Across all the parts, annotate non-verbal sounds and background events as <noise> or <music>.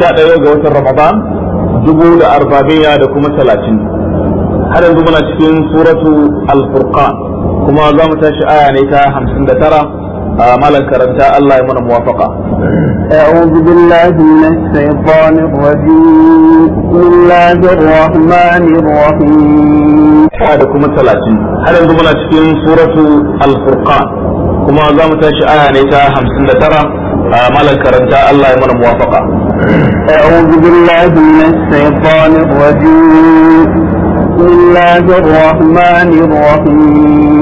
sha ɗaya ga watan ramadan dubu da arba'in da kuma talatin har yanzu muna cikin suratu al-furqan kuma za mu tashi aya ne ta hamsin da tara malan آه، karanta الله ya موافقة أعوذ بالله من الشيطان الرجيم بسم الله الرحمن الرحيم هذا كما هل انتم عندما تكون سورة الفرقان كما زعمت آية نيتا خمسين ترى malan آه، karanta الله ya موافقة أعوذ بالله من الشيطان الرجيم بسم الله الرحمن الرحيم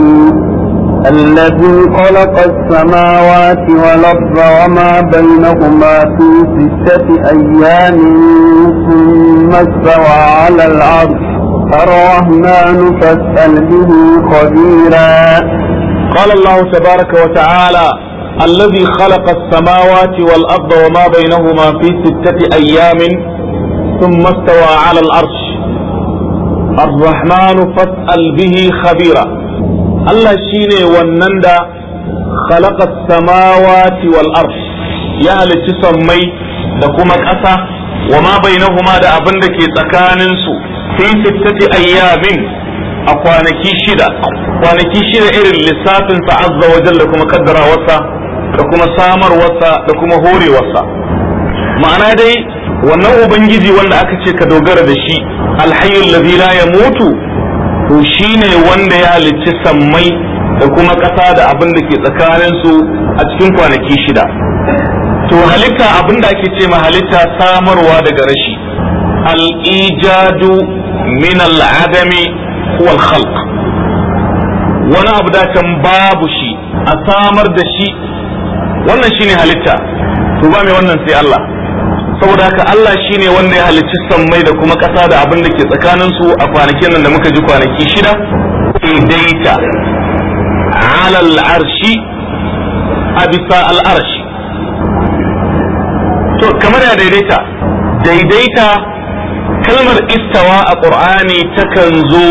الذي خلق السماوات والأرض وما بينهما في ستة أيام ثم استوى على العرش الرحمن فاسأل به خبيرا قال الله تبارك وتعالى الذي خلق السماوات والأرض وما بينهما في ستة أيام ثم استوى على العرش الرحمن فاسأل به خبيرا Allah shine wannan da khalaqa samawati wal ard ya halicci sammai da kuma ƙasa wa ma bainahuma da abin da ke tsakanin su fi sittati ayyamin a kwanaki shida kwanaki shida irin lissafin sa azza wa jalla kuma wasa, da kuma wasa, da kuma horewarsa ma'ana dai wannan ubangiji wanda aka ce ka dogara da shi alhayyul ladhi la yamutu to ne wanda ya halicci sammai da kuma ƙasa da abin da ke tsakanin su a cikin kwanaki shida to halitta abin da ake ce ma halitta samarwa daga rashi al'ijadu min al'adami wal khalq wani abu da can babu shi a samar da shi wannan shi ne halitta to ba mai wannan sai Allah saboda haka Allah shine wanda ya halicci sammai da kuma ƙasa da abin da ke tsakanin su a kwanakin nan da muka ji kwanaki shida daita ala al'arshi a bisa to kamar ya daidaita daidaita kalmar istawa a ƙur'ani takan zo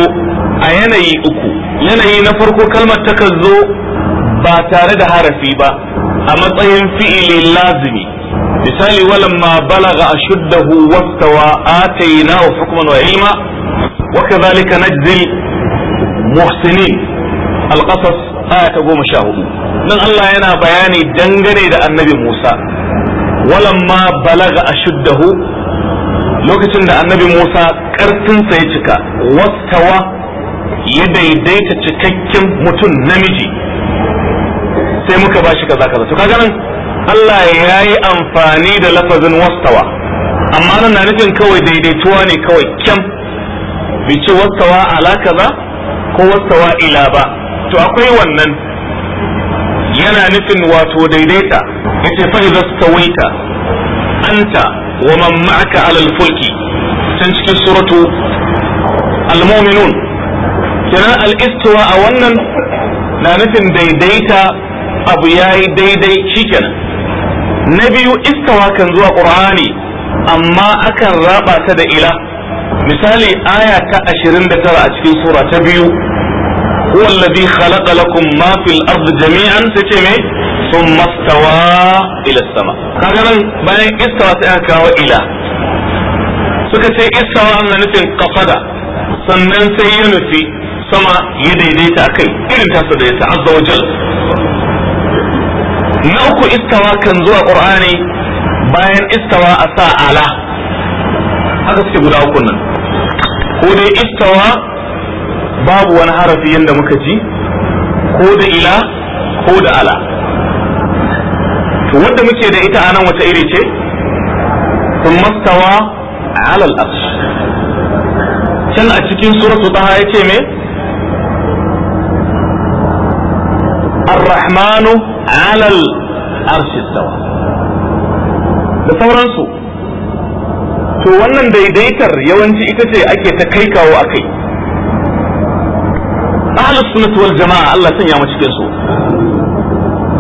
a yanayi uku yanayi na farko kalmar takan zo ba tare da harafi ba a matsayin fi'ili lazimi misali walamma balaga ashuddahu wastawa atainahu hukman wa ilma wa kadhalika najzil muhsinin alqasas aya goma sha hudu nan Allah yana bayani dangane da annabi Musa walamma balaga shuddahu lokacin da annabi Musa karfinsa ya cika wastawa ya daidaita cikakken mutum namiji sai muka bashi kaza kaza to kaga nan Allah ya yi amfani da lafazin wastawa amma nan na nufin kawai daidaituwa ne kawai kyan bai ce wastawa alaka ba ko wastawa ila ba to akwai wannan yana nufin wato daidaita yace fa idza stawaita anta wa man ma'aka alal fulki can cikin suratu almu'minun muminun kenan al-istiwa a wannan na nufin daidaita abu yayi daidai shikenan na biyu istawa kan zuwa qur'ani amma akan raba ta da ila misali aya ta 29 a cikin sura ta biyu huwa alladhi khalaqa lakum ma fil ardi jami'an sace me thumma istawa ila sama kaga nan bayan istawa sai aka kawo ila suka ce istawa na nufin qafada sannan sai ya nufi sama ya daidaita kai irin tasu da ya ta'azza wajal na uku istawa kan zuwa qur'ani bayan istawa a sa ala haka suke guda uku nan ko dai istawa babu wani harafi yadda muka ji ko da ila ko da ala to wanda muke da ita anan wata iri ce kun mastawa alal can a cikin suratu ya yace me الرحمن على العرش استوى da sauransu to wannan daidaitar yawanci ita ce ake ta kai a kai ahlus sunnah wal jama'a Allah sanya mu cikin su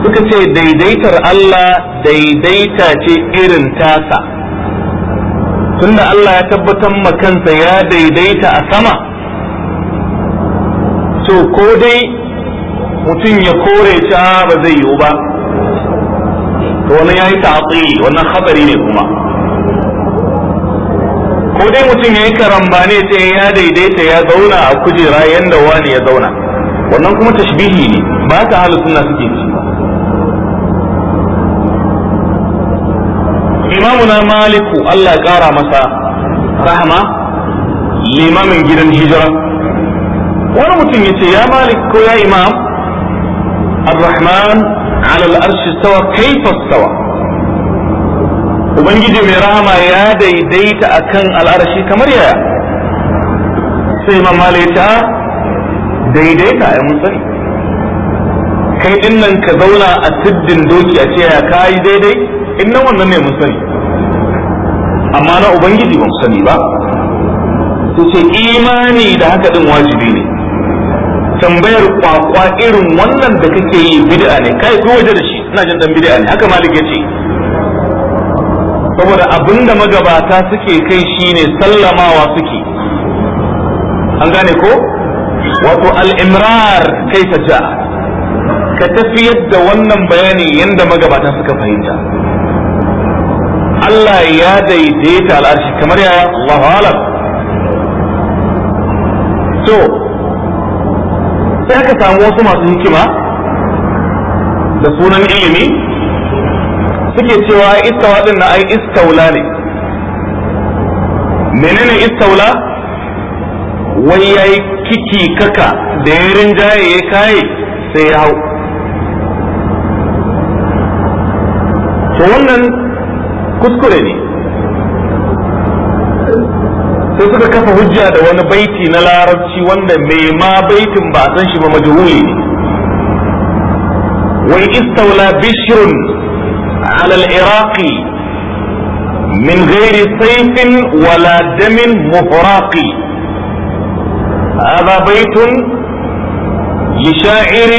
suka ce daidaitar Allah daidaita ce irin tasa tunda Allah ya tabbatar ma kansa ya daidaita a sama to dai mutum ya kore ta ba zai yiwu ba to wannan yayi ta'til wannan khabari ne kuma ko dai mutum yayi karambane ce ya daidaita ya zauna a kujera yanda wani ya zauna wannan kuma tashbihi ne ba ta halu sunna suke ci imamuna maliku Allah kara masa rahama limamin gidan hijira wani mutum ya ce ya malik ko ya imam الرحمن على الأرش استوى كيف استوى وبنجي من رحمة يا دي ديت أكن الأرش كمريا سيما ماليتا دي ديتا يا مصري kai din nan ka zauna a siddin doki a ce ya kayi daidai in nan wannan ne mun sani amma na ubangiji ba mu sani ba Su ce imani da haka din wajibi ne tambayar kwakwa irin wannan da kake yi bid'a ne kai ko waje da shi ina jin dan bid'a ne haka malik yace saboda abinda magabata suke kai shine sallamawa suke an gane ko wato al-imrar kai ta ja ka tafiyar da wannan bayani yanda magabata suka fahimta Allah ya daidaita al'arshi kamar yaya Allahu alam to sai aka samu wasu masu hikima da sunan ilimi suke cewa istawa din na ai istaula ne menene istaula wai yayi kiki kaka da ya rinjaye ya kaye sai ya hau to wannan kuskure ne sai suka kafa hujja da wani baiti na larabci wanda mai ma baitin ba san shi ba majhuli wai istawla bishrun ala al iraqi min ghairi sayfin wala damin muhraqi هذا بيت لشاعر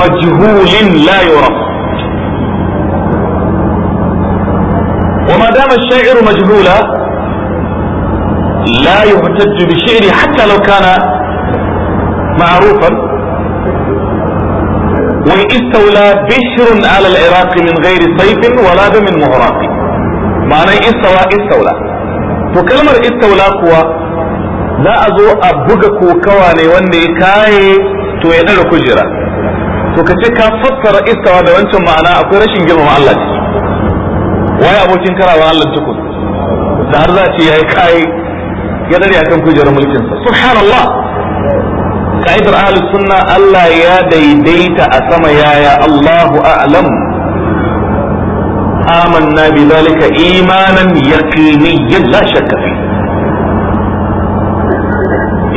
مجهول لا يعرف وما دام الشاعر مجهولا لا يحتج بشعري حتى لو كان معروفا واستولى بشر على العراق من غير صيف ولا دم مهراق معنى استوى استولى فكلمة استولى هو لا أزو أبوغكو كواني واني كاي تويني لكجرة فكتك فطر استوى دوانتم معنى أكورش انجل الله ويا أبو تنكرا وعلا تكون دهر ذاتي هاي كاي ya dare akan kujerar mulkin sa subhanallah ka'idar ahli sunna Allah ya daidaita a sama yaya Allahu a'lam amanna bi zalika imanan يقينيا la shakka fi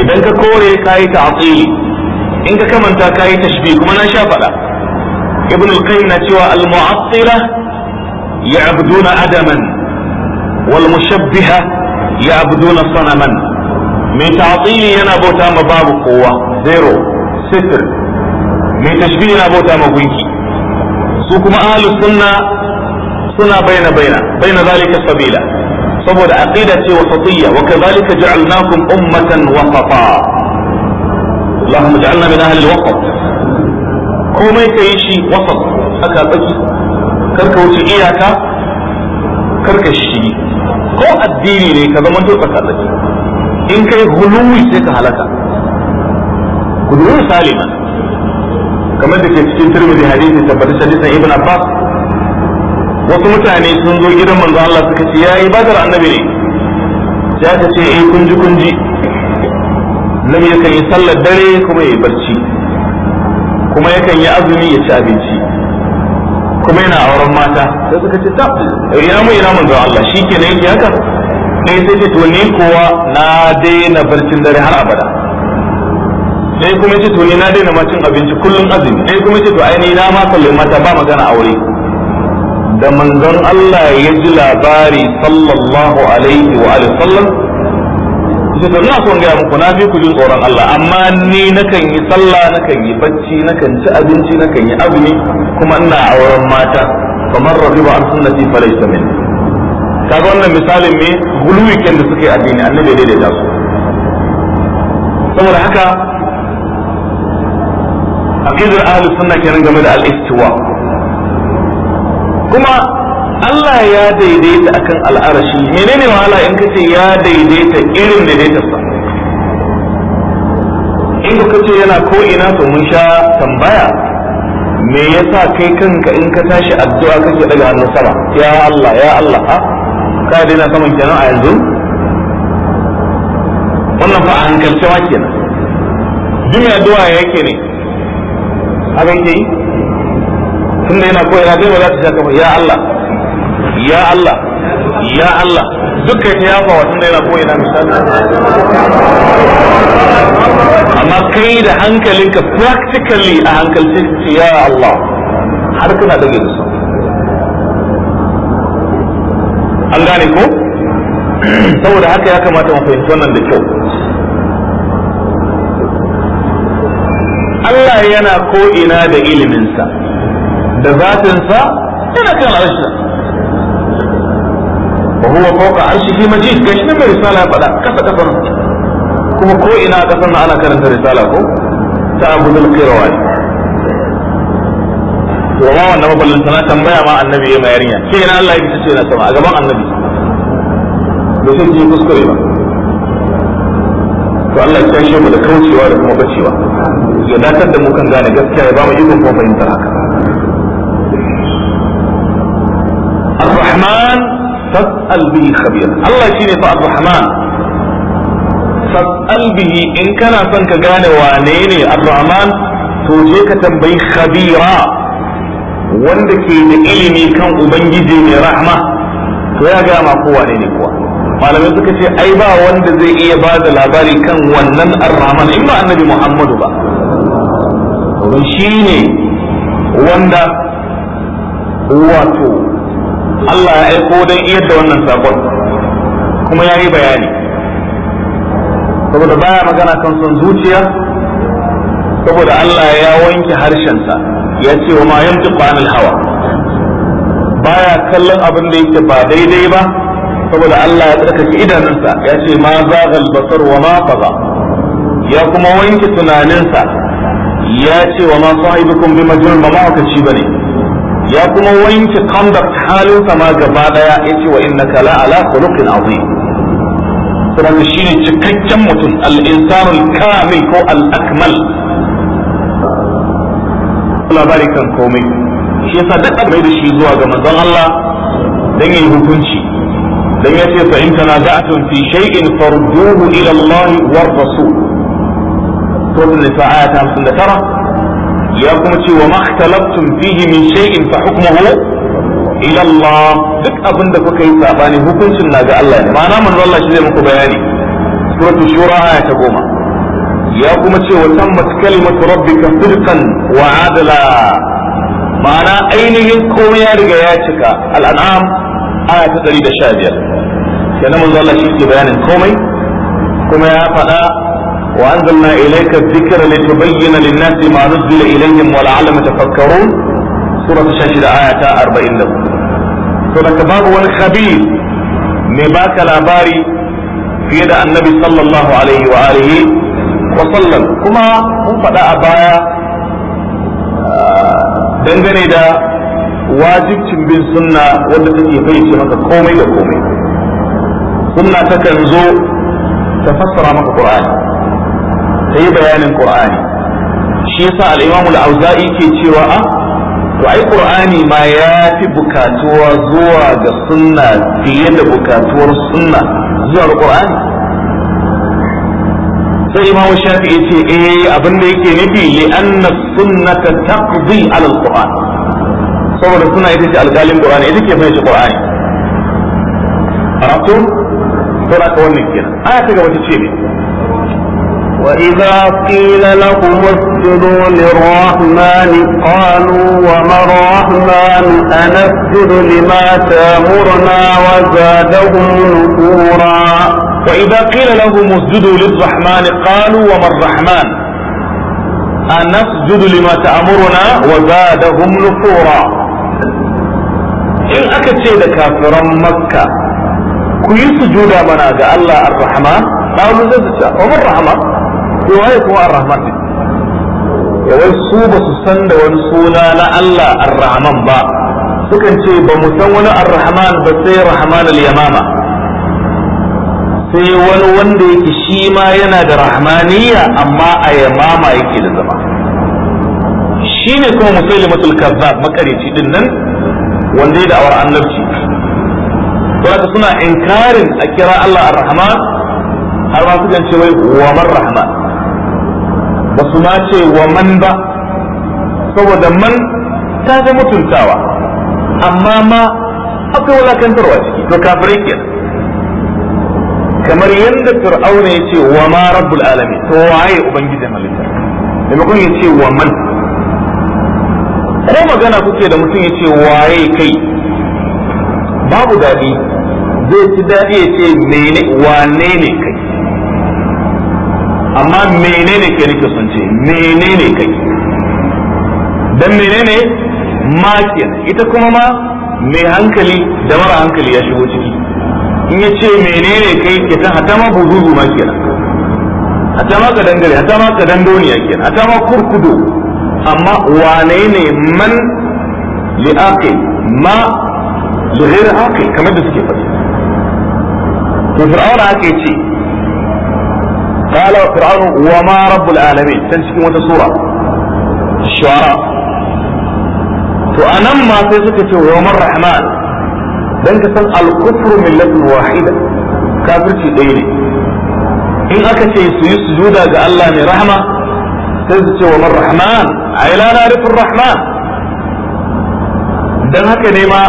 idan ka kore kai yi ta'atili in ka kamanta kai yi tashbih kuma na sha fada ibn al-qayyim na cewa al-mu'attila ya'buduna adaman wal mushabbiha ya'buduna sanaman mai ta'tili yana bauta ma babu kowa zero sifir mai tashbih yana bauta ma gunki su kuma ahlus sunna suna baina baina baina zalika sabila saboda aqida ce wasatiyya wa kadhalika ja'alnakum ummatan wasata اللهم اجعلنا من اهل الوسط komai ka yi shi wasat aka tsaki karka wuce iyaka karka shi ko addini ne ka zama to tsakatsaki in kai huluwi sai ka halaka ku duru salima kamar da ke cikin tirmidhi hadisi tabbata hadisin ibn abbas wasu mutane sun zo gidan manzo Allah suka ce yayi badar annabi ne ya aka ce eh kun ji kun ji lam yakan yi sallar dare kuma yayi barci kuma yakan yi azumi ya ci abinci kuma yana auren mata sai suka ce tab ya mu ina ga Allah shikenan yake haka sai sai ce to ni kuwa na daina barcin dare har abada sai kuma ce to ni na daina ma cin abinci kullum azumi sai kuma ce to ai ni na ma sallin mata ba magana aure da manzon Allah ya ji labari sallallahu alaihi wa alihi sallam ce to ina son gaya muku na fi ku jin tsoron Allah amma ni na kan yi sallah na kan yi bacci na kan ci abinci na kan yi azumi kuma ina a auren mata kamar rabi ba sunnati laysa min kaga wannan misalin me guluwi ken da suke addini annabi dai da su saboda haka aqidar ahlus sunna kenan game da al-istiwa kuma Allah ya daidaita akan al'arashi menene wahala in kace ya daidaita irin daidaita sa in ka ce yana ko ina to mun sha tambaya me yasa kai kanka in ka tashi addu'a kake daga hannu sama ya Allah ya Allah a ah, ka daina saman kenan a yanzu wannan fa a hankalce wa kenan duk mai addu'a yake ne abin ke yi tunda yana ko ina dai ba za ta sha kafa ya Allah ya Allah ya Allah dukkan ta yafa wa tunda yana koyi na misali amma kai da hankalinka practically a hankalce ya Allah har kana dage da su an gane ko saboda haka ya kamata mu fahimci wannan da kyau Allah yana ko ina da iliminsa da zatinsa yana kan arshin wa huwa fawqa arshihi majid gashi nan mai risala ya faɗa kasa kasa kuma ko ina a kasar ana karanta risala ko ta abudul qirawani to ma wannan maballin sana tambaya ma annabi ya mayar ya ce ina Allah ya ce na sama a gaban annabi da sai ji kuskure ba to Allah ya da da kuma mu kan gane gaskiya ya ba mu ikon kuma fahimtar haka الرحمن fas'al bihi khabir Allah shine fa ar-rahman fas'al bihi in kana son ka gane wane ne ar-rahman to je ka tambayi khabira wanda ke da ilimi kan ubangiji mai rahma to ya ga ma kowa ne kuwa malamai suka ce ai ba wanda zai iya ba da labari kan wannan ar-rahman in ba annabi muhammadu ba domin shine wanda wato Allah ya aiko don iya da wannan sakon kuma ya yi bayani saboda baya magana kan son zuciya saboda Allah ya wanke harshensa ya ce wa ma yantiqu hawa baya kallon abin da yake ba daidai ba saboda Allah ya tsarkake idanunsa ya ce ma zagal basar wa ma faza ya kuma wanke tunaninsa ya ce wa ma sahibukum bi majnun ba ma ka ci bane ya kuma wanke conduct halin sama gaba daya yace wa innaka kala ala khuluqin azim saboda shine cikakken mutum al-insanu al-kamil ko al-akmal labari kan komai shi yasa duk mai da shi zuwa ga manzon Allah dan yi hukunci dan ya ce fa in kana da'atun fi shay'in farduhu ila Allah war rasul to ne sa'ata 59 ya kuma ce wa makhtalaftum fihi min shay'in fa hukmuhu ila Allah duk abin da kuka yi sabani hukuncin na ga Allah ne ma'ana manzo Allah shi zai muku bayani suratul shura aya ta goma ya kuma ce wa tammat kalimatu rabbika sidqan wa adla ma'ana ainihin komai ya riga ya cika al'an'am aya ta 115 kenan manzo Allah shi ke bayanin komai kuma ya faɗa وأنزلنا إليك الذكر لتبين للناس ما نزل إليهم ولعلهم يتفكرون سورة الشجر آية 40 له سورة باب والخبير نباك الأباري في يد النبي صلى الله عليه وآله وسلم كما هم فدا أبايا dangane da wajibcin bin sunna wadda take fayyace maka komai da komai sunna takan zo ta fassara maka qur'ani ta yi bayanin qur'ani shi yasa al-imam auzai ke cewa a ah, to ai qur'ani ma ya fi bukatuwa zuwa ga sunna fiye da bukatuwar sunna zuwa ga qur'ani sai imam ya ce eh abin da yake nufi li anna sunnata taqdi ala al-qur'an saboda suna ita ce alƙalin qur'ani ita ke fahimci qur'ani a ratun saboda ka wannan kenan aya ta gaba ta ce ne وإذا قيل لهم اسجدوا للرحمن قالوا وما الرحمن أنسجد لما تامرنا وزادهم نفورا وإذا قيل لهم اسجدوا للرحمن قالوا وما الرحمن أنسجد لما تأمرنا وزادهم نفورا إن أكد شيء da مكة كل سجود yi الله الرحمن قالوا Allah ar الرحمن to kuma ya wai su ba su san da wani suna na Allah ar-rahman ba sukan ce ba mu san wani ar-rahman ba sai rahman al-yamama sai wani wanda yake shi ma yana da rahmaniya amma a yamama yake da zama ne kuma musailimatul kazzab makarici din nan wanda ya da'awar annabci don suna inkarin a kira Allah ar-rahman har ma sukan ce wai wa man rahman ba su ma ce wa man ba saboda man ta ga mutuntawa amma ma akwai wulakantarwa ciki to ka kenan kamar yadda fir'auna ya ce wa ma rabbul alamin to waye ubangijin halitta maimakon ya ce wa man ko magana kuke da mutum ya ce waye kai babu daɗi zai ci daɗi ya ce wane ne kai amma menene ke nake sun ce menene kai dan menene ma kenan ita kuma ma mai hankali da mara hankali ya shigo ciki in ya ce menene kai ke ta hata ma buzuzu ma kenan hata ma ka dangare hata ma ka dandoniya kenan hata ma kurkudo amma wane ne man li aqil ma li ghayr aqil kamar da suke faɗi to fir'auna ake ce قال فرعون وما رب العالمين can cikin wata sura shuara to anan ma sai suka ce wa man rahman dan ka san al-kufru millatun wahida kafirci ɗaya ne in aka ce su yi sujuda ga Allah mai rahma sai su ce wa man rahman ai la narifur rahman dan haka ne ma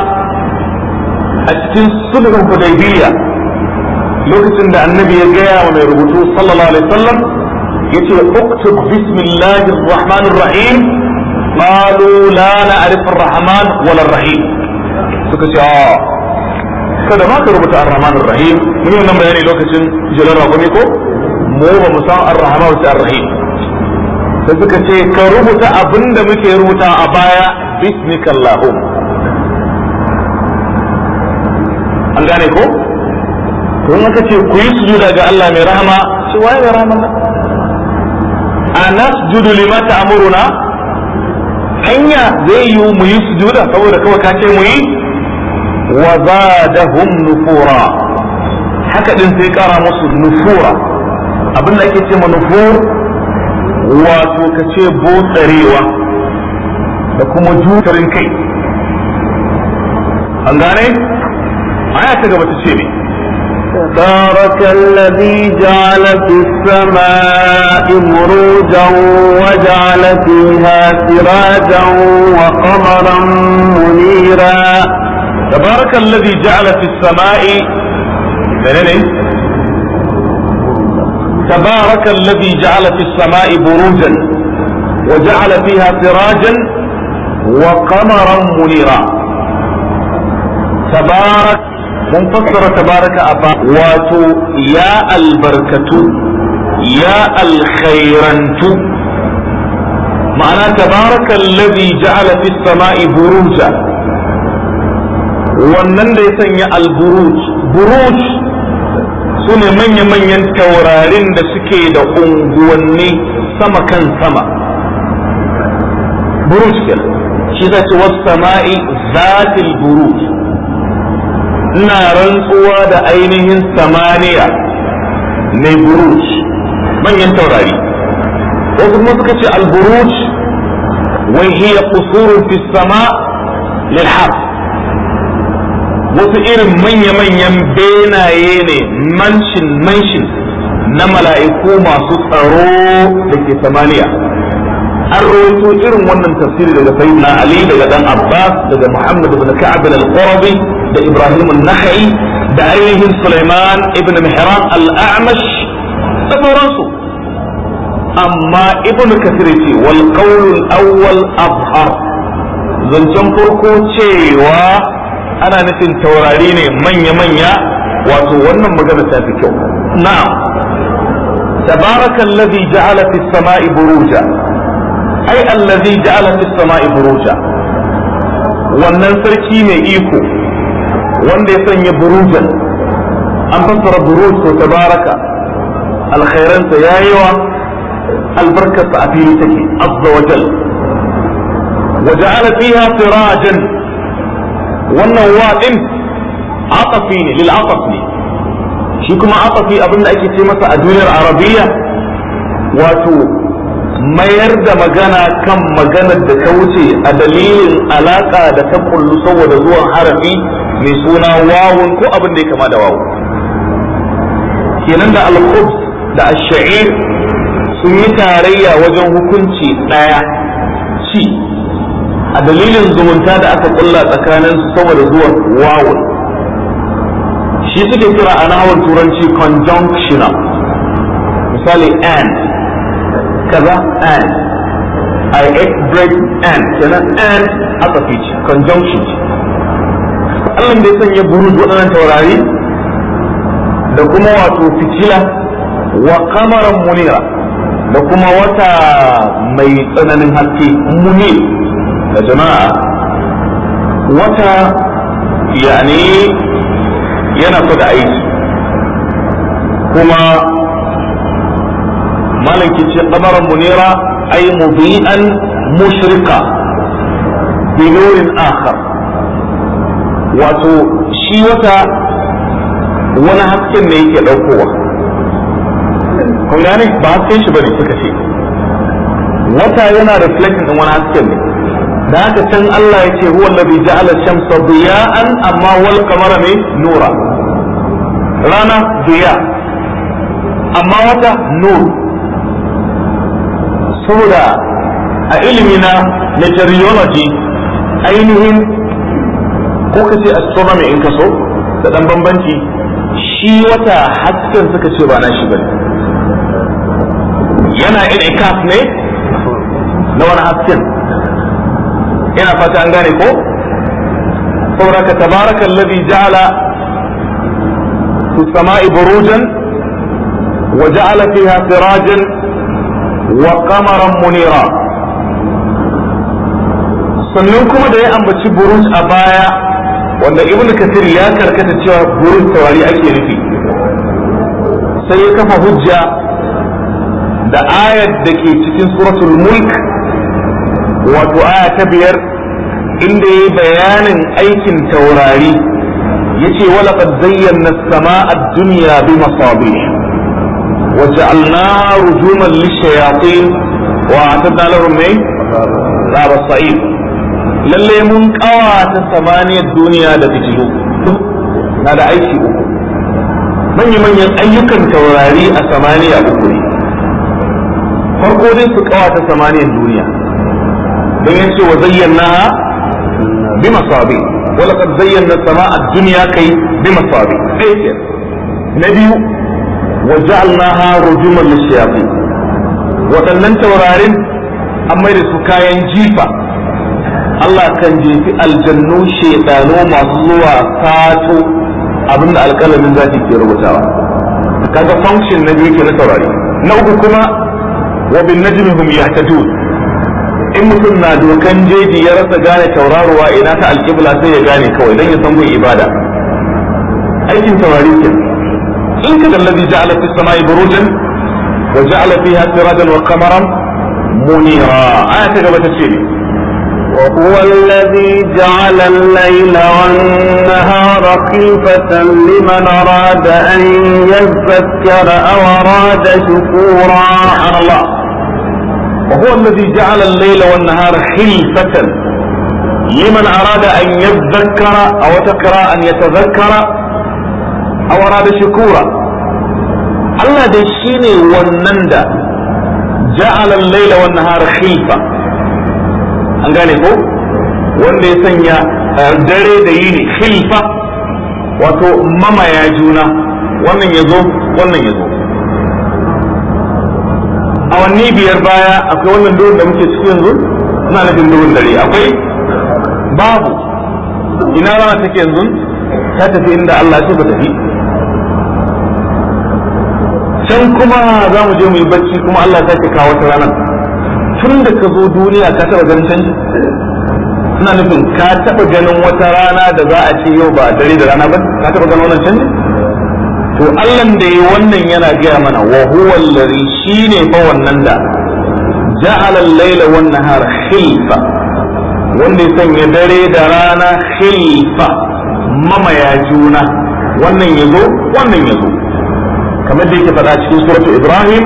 a cikin sulhun hudaybiyya lokacin da annabi ya gaya wa mai rubutu sallallahu alaihi wasallam yace uktub bismillahir rahmanir rahim qalu la na'rif ar-rahman wala ar-rahim suka ce a kada ma ka rubuta ar-rahman ar-rahim mun yi wannan bayani lokacin jalar rabuni ko mu ba mu san ar-rahman wa ar-rahim sai suka ce ka rubuta abinda muke rubuta a baya bismikallahum an gane ko to in aka ce ku yi sujuda ga Allah mai rahama shi waye mai rahama nas judu lima ta'muruna hanya zai yi mu yi sujuda saboda kawai ka ce mu yi wa zadahum nufura haka din sai kara musu nufura abin da ake ce ma nufur wato ka ce botsarewa da kuma jutarin kai an gane aya ta gaba ta ce ne تبارك الذي جعل في السماء مروجا وجعل فيها سراجا وقمرا منيرا تبارك الذي جعل في السماء تبارك الذي جعل في السماء بروجا وجعل فيها سراجا وقمرا منيرا تبارك mun fassara tabaraka abba wato ya albarkatu ya alkhairantu ma'ana tabaraka allazi ja'ala fis sama'i buruja wannan da ya sanya alburuj buruj su ne manya-manyan taurarin da suke da unguwanni sama kan sama buruj shi zai ce wasu sama'i zafin buruj ina rantsuwa da ainihin samaniya mai buruj manyan taurari wasu kuma suka ce al wai hiya qusurun fi sama wasu irin manya-manyan benaye ne manshin manshin na mala'iku masu tsaro da ke samaniya an rawaito irin wannan tafsiri daga sayyidina ali daga dan abbas daga muhammad ibn ka'ab al-qurabi da Ibrahim an da ainihin Suleiman, ibn Mihran al-A'mash da sauransu amma ibn Kathir ce wal qawl awwal abhar zancen farko cewa ana nufin taurari ne manya-manya wato wannan magana ta fi kyau na'am تبارك الذي جعل في السماء بروجا أي الذي جعل في السماء بروجا wannan sarki mai iko wanda ya sanya burujan an fassara buruj to tabaraka alkhairansa ya yawa albarkarsa a fili take azza wa wa ja'ala fiha sirajan wannan wa din aqafi ne lil aqaf ne shi kuma aqafi abinda ake ce masa a duniyar arabiya wato mayar da magana kan maganar da ta wuce a dalilin alaka da ta kullu saboda zuwan harafi mai suna wawun ko abin da ya kama da wawu kenan da alkub da ash sun yi tarayya wajen hukunci ɗaya, ci a dalilin zumunta da aka kulla tsakanin su saboda zuwan wawun shi suke kira a nahawar turanci conjunctional misali and kaza and I ate bread and kenan and aka fi conjunction Allah bai ya sanya buruj waɗannan taurari da kuma wato fitila wa kamaran munira da kuma wata mai tsananin haske munir da jama'a wata yane yana so da aiki kuma malaki ce kamaran munira ay mubi'an mushrika bi nurin akhar wato shi wata wani hasken ne yake ɗaukowa kun gane ba hasken shi bane suka ce wata yana reflecting din wani hasken ne da haka can Allah ya ce huwa allazi ja'ala shamsa diya'an amma wal qamara ne nura rana diya amma wata nur saboda a ilimi na meteorology ainihin ko ka ce astronomy in ka so da dan bambanci shi wata hasken suka ce ba na shi bane yana inikaf ne na wani hasken ina fata an gane ko saboda ka tabaraka alladhi ja'ala fi samai burujan wa ja'ala fiha sirajan wa qamaran munira sannan kuma da ya ambaci buruj a baya wanda ibn kasir ya karkata cewa gurin taurari ake nufi sai ya kafa hujja da ayat da ke cikin suratul mulk wato aya ta biyar inda ya bayanin aikin taurari yace walaqad zayyana as-samaa ad-dunya bi masabih wa ja'alnaha rujuman lish-shayatin wa a'tadna lahum min sa'id lalle mun kawata samaniyar duniya da fitilu na da aiki uku manya-manyan ayyukan taurari a samaniya uku ne farko dai su kawata samaniyar duniya don yin ce wa zayyana bi masabi wala kad zayyana sama'a duniya kai bi masabi ɗaya na biyu wa ja'alnaha rujuman lishayatin waɗannan taurarin an mai da su kayan jifa Allah kan jefi aljannu shaytanu masu zuwa sato abinda alƙalamin zaki ke rubutawa kaga function na biyu ke na taurari na uku kuma wa bin najmi hum yahtadun in mutum na dokan jeji ya rasa gane tauraruwa ina ta alƙibla sai ya gane kawai dan ya san gun ibada aikin taurari ke in ka dallazi ja'ala fis samai burujan wa ja'ala fiha sirajan wa qamaran munira aya ta gaba ta ce ne وهو الذي جعل الليل والنهار خلفة لمن أراد أن يذكر أو أراد شكورا سبحان الله وهو الذي جعل الليل والنهار خلفة لمن أراد أن يذكر أو تقرأ أن يتذكر أو أراد شكورا الله دشيني والنندى جعل الليل والنهار خلفة an gane ko wanda ya sanya eh, dare da yini filfa wato mamaya juna wannan ya zo wannan ya zo A awanni biyar baya akwai wannan duhun da muke cikin yanzu ina nufin duhun dare akwai babu ina rana take yanzu ta tafi inda Allah ya ba tafi can kuma za mu je mu yi bacci kuma Allah ta kawo ta ranar tun da ka zo duniya ka taba ganin canji ina nufin ka taba ganin wata rana da za a ce yau ba dare da rana ba ka taba ganin wannan canji to Allah da yi wannan yana gaya mana wa huwa allazi shine fa wannan da ja'ala al-laila wan nahara khilfa wanda ya sanya dare da rana khilfa mamaya juna wannan yazo wannan yazo kamar da yake faɗa cikin suratul ibrahim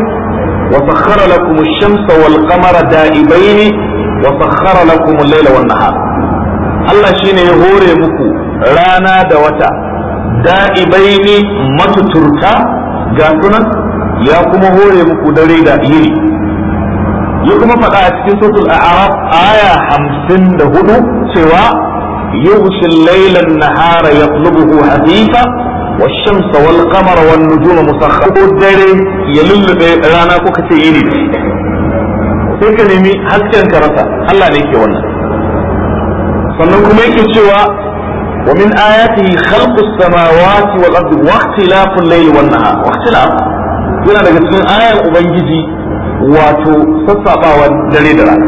وسخر لكم الشمس والقمر دائبين وسخر لكم الليل والنهار الله شيني يهوري مكو رانا دوتا دائبين متتركا جاتنا يا كما هوري مكو دري دائري ya kuma فقا a cikin suratul a'raf aya 54 cewa yughshil layla an-nahara yatlubuhu والشمس والقمر والنجوم مسخرات dare ya lullube rana ko kace yini sai ka nemi hasken ka rasa ne yake wannan sannan kuma yake cewa wa min ayatihi khalqu samawati wal ardi wa ikhtilafu al-layli wan nahar wa ikhtilaf yana daga cikin ayan ubangiji wato sassabawan dare da rana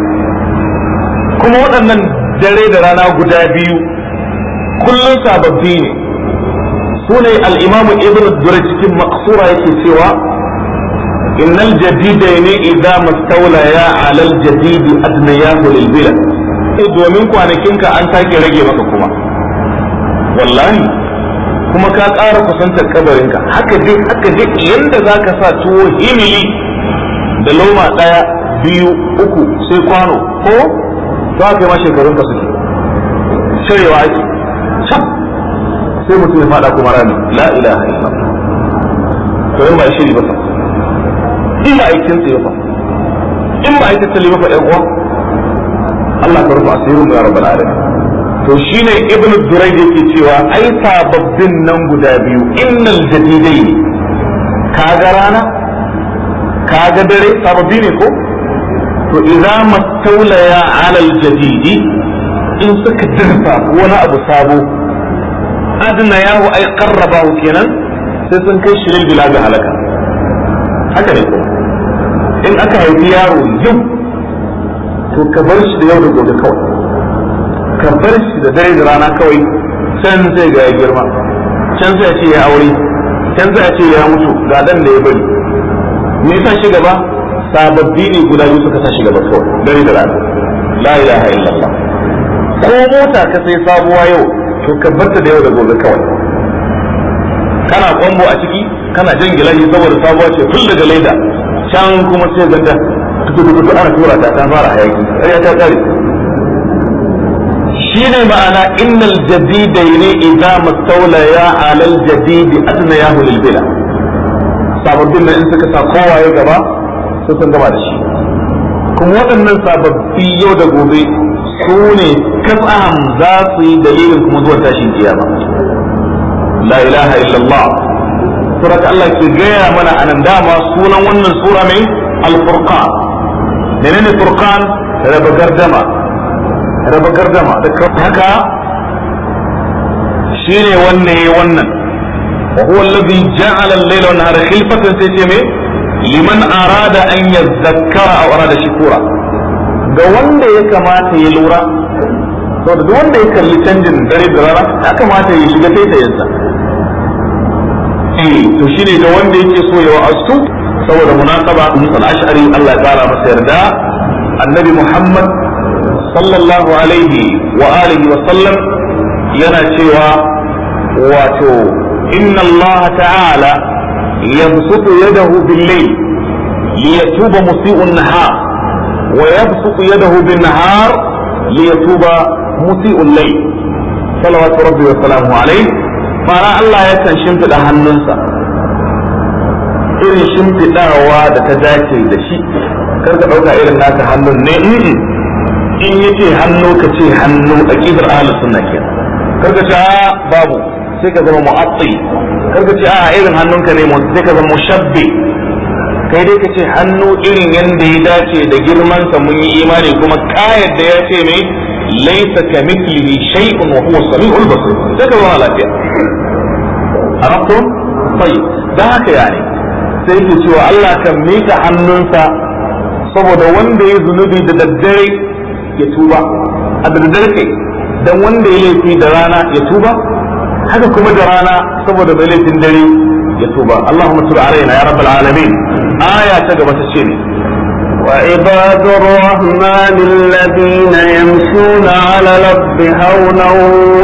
kuma waɗannan dare da rana guda biyu kullum sababbi ne sune al-imamu ibn durr cikin maqsura yake cewa innal jadidaini idza mastawlaya ala al-jadid ya lil bila eh domin kwanakinka an take rage maka kuma wallahi kuma ka ƙara kusantar kabarinka haka dai haka dai yanda zaka sa tuwo himili da loma daya biyu uku sai kwano ko Ba ka yi ma ka suke sai mutum ya fada kuma rami la ilaha illallah to in ba shiri ba in ba aikin sai ba in ba aikin sai ba ɗan uwa Allah ka rufa asirin ya rabbal alamin to shine ibn durayd yake cewa ai sababbin nan guda biyu innal ka kaga rana kaga dare sababbi ne ko to idza ya ala jadidi in suka dirfa wani abu sabo adna yahu ay qarrabahu kenan sai sun kai shirin bila ga halaka haka ne ko in aka haifi yaro yau to ka bar shi da yau da gobe kawai ka bar shi da dare da rana kawai can zai ga ya girma can zai ce ya aure can zai ce ya mutu ga dan da ya bari me yasa shi gaba sababbi ne guda biyu suka sa shi gaba kawai dare da rana la ilaha illallah ko mota ka sai sabuwa yau to ka barta da yau da gobe kawai kana kwambo a ciki kana jan gilashi saboda sabuwa ce tun daga leda can kuma sai ganda tukutukutu ana tura ta ta fara hayaki ya ta kare shi ne ma'ana innal jadida ne idza mastawla ya alal jadidi adna ya hulil bila sababbin nan in suka sa ya gaba sai sun gaba da shi kuma waɗannan sababbi yau da gobe su ne kas'ahum za su yi dalilin kuma zuwa tashin kiyama la ilaha illallah sura ta Allah ke gaya mana a anan dama sunan wannan sura mai al-furqan menene furqan raba gardama raba gardama da haka shine wanne wannan wa huwa alladhi ja'ala al-layla wan nahara khilfatan sai ce me liman arada an yadhakkara aw arada shukura ga wanda ya kamata ya lura to da wanda ya kalli canjin dare da rana ya kamata ya shiga taitayensa eh to shine ga wanda yake so ya wa'astu saboda munasaba musan ash'ari Allah ya kara masa yarda annabi Muhammad sallallahu alaihi wa alihi wa sallam yana cewa wato inna Allah ta'ala yabsutu yadahu bil-layl liyatuba musii'un nahar ويبسط يده بالنهار ليتوب مسيء الليل صلوات ربي وسلامه عليه فراء الله يكن شمت الأهم ننسى إن شمت الأهواء دتجاك دشي كنت أقول إلى الناس هنو نئي إن يتي هنو كتي هنو أكيد الآن السنة كده كنت شاء بابو سيكا زمو معطي كنت شاء إذن هنو كريم سيكا زمو شبي kai dai ka ce hannu irin yadda ya dace da girmansa mun yi imani kuma ka yadda ya ce mai laisa ka mithlihi shay'un wa huwa samiul basir sai ka zama lafiya arabtum tayyib da haka yani sai ke cewa Allah kan mika hannunsa saboda wanda ya zunubi da daddare ya tuba a daddare kai dan wanda ya laifi da rana ya tuba haka kuma da rana saboda da laifin dare ya tuba Allahumma tub alaina ya rabbal alamin aya ta gaba ta ce وعباد الرحمن الذين يمشون على الأرض هونا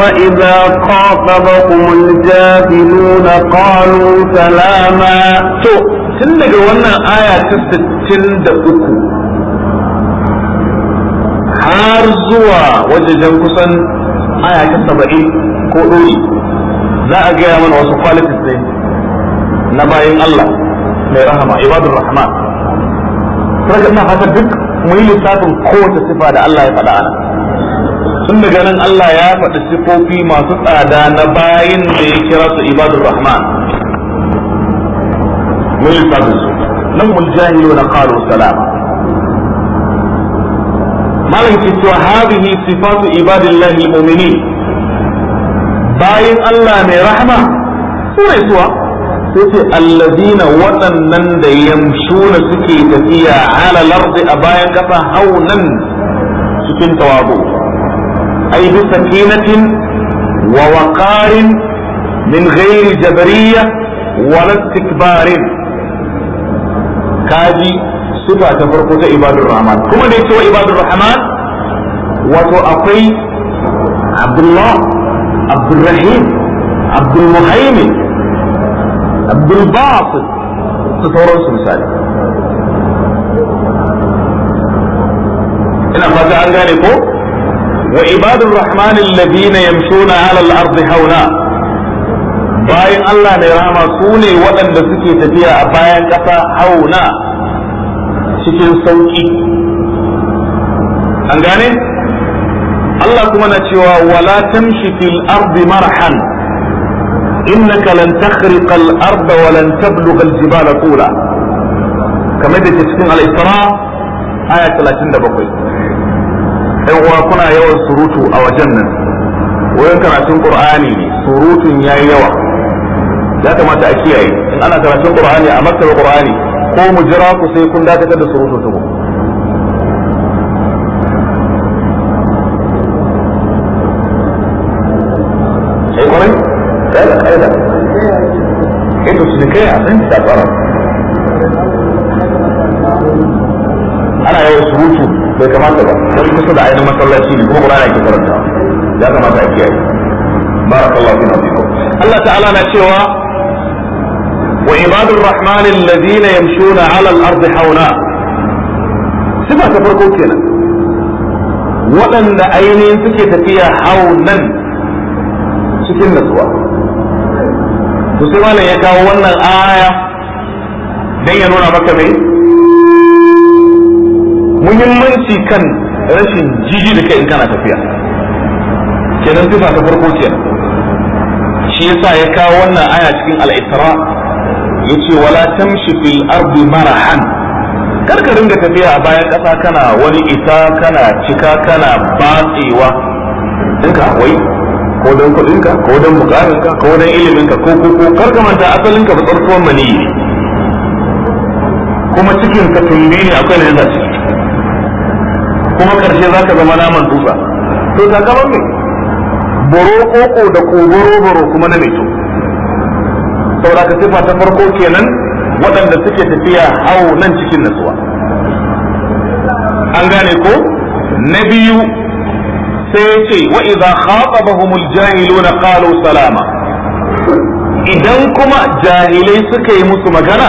وإذا خاطبهم الجاهلون قالوا سلاما تو tun daga wannan aya ta har zuwa wajajen kusan aya ta saba'in ko ɗori za a gaya mana wasu kwalitis na bayan Allah mai rahama ibadur rahman kaga ina duk mu yi lissafin kowace sifa da Allah ya faɗa ana daga nan Allah ya faɗi sifofi masu tsada na bayin da ya kira su ibadur rahman mu yi lissafin su nan na salama malam ki cewa sifatu ibadillahi almu'minin bayin Allah mai rahama suwa sai ce allazina waɗannan da yamshuna suke tafiya ala lardi a bayan ƙasa haunan cikin tawago ai bi sakinatin wa waqarin min ghairi jabariyya wa istikbarin kaji sifa ta farko ta ibadur rahman kuma da yake wa ibadur rahman wato akwai abdullah abdurrahim abdul abdulmuhaimin bil batil su sauran su misali ina fata an gane ko wa ibadur rahman alladhina yamshuna ala al-ard hauna bayan Allah mai rama su ne waɗanda suke tafiya a bayan ƙasa hauna cikin sauƙi. an gane Allah kuma na cewa wala tamshi fil ardi marhan innaka lan takhriqa al-ard wa lan tablugha al-jibal tula da ke cikin al-isra aya 37 ai uwa kuna yawan surutu a wajen nan wurin karatun qur'ani ne surutun yayi yawa ya kamata a kiyaye in ana karatun ƙur'ani a maktar ƙur'ani ko mu jira ku sai kun dakatar da surutu shari'a sun ta tsara ana yawan surutu bai kamata ba wani kusa da ainihin masallaci ne kuma ƙurana ke karanta ya kamata a kiyaye barakallahu fi nafiku Allah ta'ala na cewa wa ibadur rahman alladhina yamshuna 'ala al-ardi hawla sifa ta farko kenan waɗanda ainihin suke tafiya haunan cikin natsuwa to sai malam ya kawo wannan aya dan ya nuna maka mai muhimmanci kan rashin jiji da kai in kana tafiya kenan sifa ta farko kenan shi yasa ya kawo wannan aya cikin al-isra yace wala tamshi fil ardi marahan karka ringa tafiya a bayan kasa kana wani isa kana cika kana batsewa duka wai ko don kuɗin ka ko don bukatun ka ko don ilimin ka ko ko ko kar ka manta asalin ka tsarkuwar maniyi kuma cikin ka tumbi ne akwai ne zai kuma karshe za ka zama naman tsutsa to ta gaban me boro koko da kogoro boro kuma na meto saboda ka sifa ta farko kenan waɗanda suke tafiya hau nan cikin nasuwa an gane ko na biyu sai ya ce wa idza khatabahumul jahiluna qalu salama idan kuma jahilai suka yi musu magana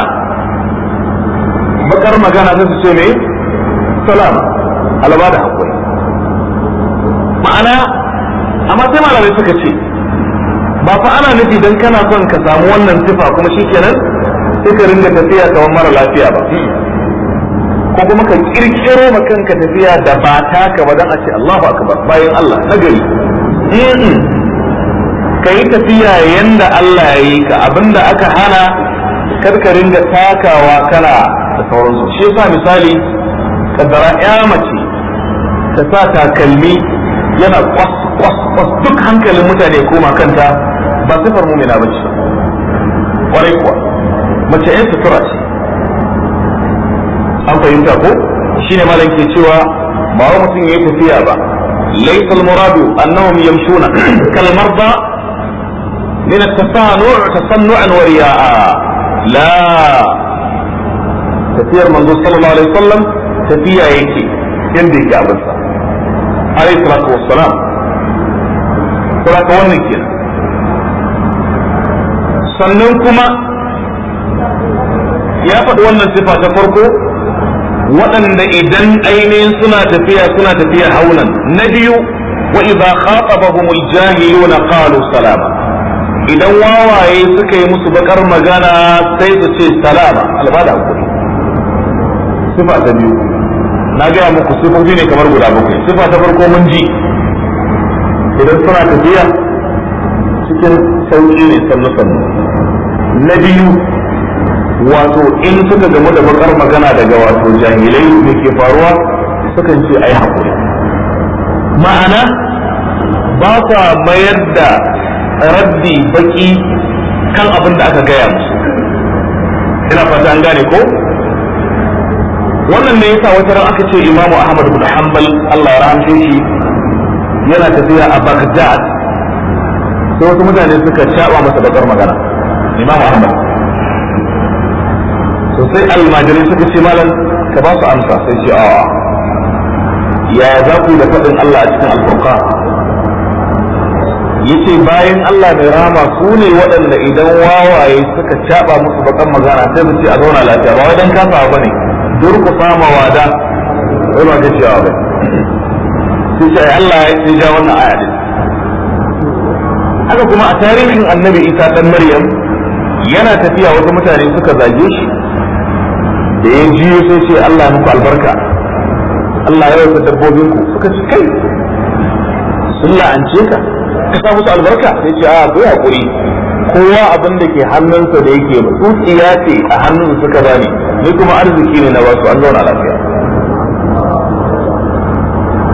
bakar magana sai su ce me salama alaba da hakuri ma'ana amma sai malamai suka ce ba fa ana nufi dan kana son ka samu wannan sifa kuma shi kenan ka ringa tafiya kamar mara lafiya ba ko kuma ka kirkiro ma kanka tafiya da ba taka ba dan a ce Allahu akbar bayan Allah na gari ka tafiya yanda Allah ya yi ka abinda aka hana karka ringa takawa kana da sauransu shi yasa misali kaddara ya mace ta sa takalmi yana kwas kwas duk hankalin mutane koma kanta ba sifar mumina ba ce kwarai kuwa mace ya sutura ce an fahimta ko ne malam ke cewa ba wa mutum yayi tafiya ba laysal muradu annahum yamshuna <clears throat> kal marda min at-tasanu' tasannu'an wa riya'a la tafiyar manzo sallallahu alaihi wasallam tafiya yake inda yake abin sa alaihi salatu wassalam kuma ka wannan kenan sannan kuma ya faɗi wannan sifa ta farko waɗanda idan ainihin suna tafiya suna tafiya haunan na biyu wa idza khatabahumul jahiluna qalu salama idan wawaye suka yi musu bakar magana sai su ce salama albada ku sifa ta biyu na gaya muku sifofi ne kamar guda bakwai sifa ta farko mun ji idan suna tafiya cikin sauki ne sannu sannu na biyu wato in suka gamu da bakar magana daga wato jahilai da ke faruwa sukan ce ai hakuri ma'ana ba sa mayar da raddi baki kan abin da aka gaya musu ina fata an gane ko wannan ne yasa wata ran aka ce imamu ahmad bin hanbal Allah ya rahamshe shi yana tafiya a baghdad sai wasu mutane suka shaba masa bakar magana imamu ahmad sai almajiri suka ce malam ka ba su amsa sai ce a yaya za ku da faɗin Allah a cikin alfurqa yace bayan Allah mai rama su ne waɗanda idan wawaye suka caba musu bakan magana sai mu ce a zauna lafiya ba wai dan kasa bane durku sama wada wai ba kace ba sai sai Allah ya ja wannan aya din haka kuma a tarihin Annabi Isa dan Maryam yana tafiya wasu mutane suka zage shi da ya jiyo sai ce Allah muku albarka Allah ya wata dabbobin ku suka ci kai sun la'ance ka ka sa musu albarka sai ce a ku hakuri kowa abin da ke hannunsa da yake ba tsutsiya ce a hannun suka bani ni kuma arziki ne na wasu an zauna lafiya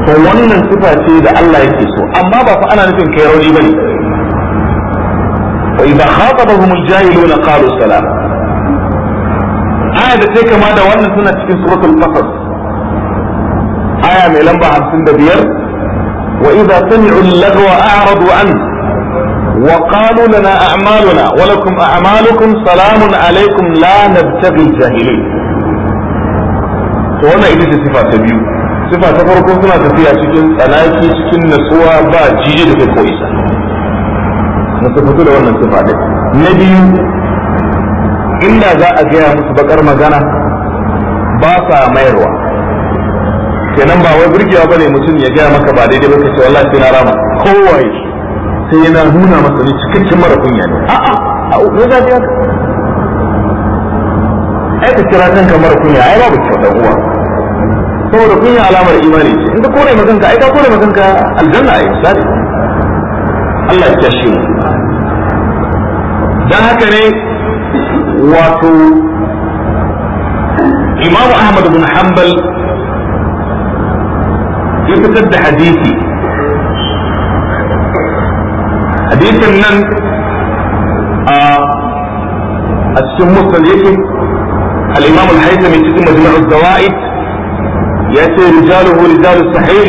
to wannan sifa ce da Allah yake so amma ba fa ana nufin kai rauni bane wa idza khatabahum al-jahiluna qalu salama aya da ce kama da wannan suna cikin suratul qasas aya mai lamba 55 wa idza sami'u al-lagwa a'radu an wa qalu lana a'maluna wa lakum a'malukum salamun alaykum la nabtaghi jahili to wannan ita ce sifa ta biyu sifa farko suna tafiya cikin tsanaki cikin nasuwa ba jiji da kai ko isa na su fito da wannan sifa ɗin biyu inda za a gaya musu bakar magana ba sa mayarwa kenan ba wai burgewa bane mutum ya gaya maka ba daidai ka ce wallahi na rama kowaye sai yana nuna masa ne cikakken mara kunya ne a'a a uku za ka ai ka kira kanka mara kunya ai babu kyau dan uwa saboda kunya alamar imani ce in ka kore maganka ai ka kore maganka aljanna ai misali Allah ya kashe mu dan haka ne wato imamu ahmad bin hanbal ya fitar da hadisi hadisin nan a a cikin musul yake al-imam al-haythami cikin majmu' al-zawaid ya ce rijaluhu rijalu sahih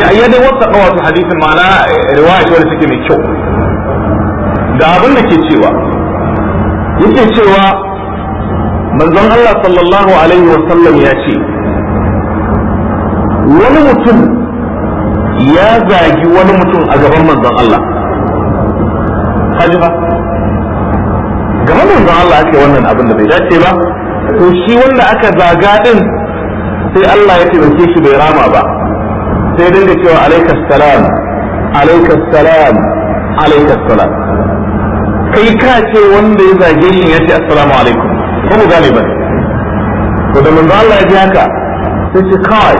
ya ayyada wata wato hadisin ma'ana riwaya ce wani suke mai kyau ga abin da ke cewa yake cewa manzon Allah sallallahu alaihi wasallam ya ce wani mutum ya zagi wani mutum a gaban manzon Allah ba, gaban manzon Allah ake wannan abin da bai dace ba to shi wanda aka zaga din sai Allah ya taimake shi bai rama ba sai dinga cewa alaikas salam alaikas salam alaikas salam kai ka ce wanda ya zage shi ya ce assalamu alaikum ko mu gane ba to da manzo Allah ya ji haka sai ce kai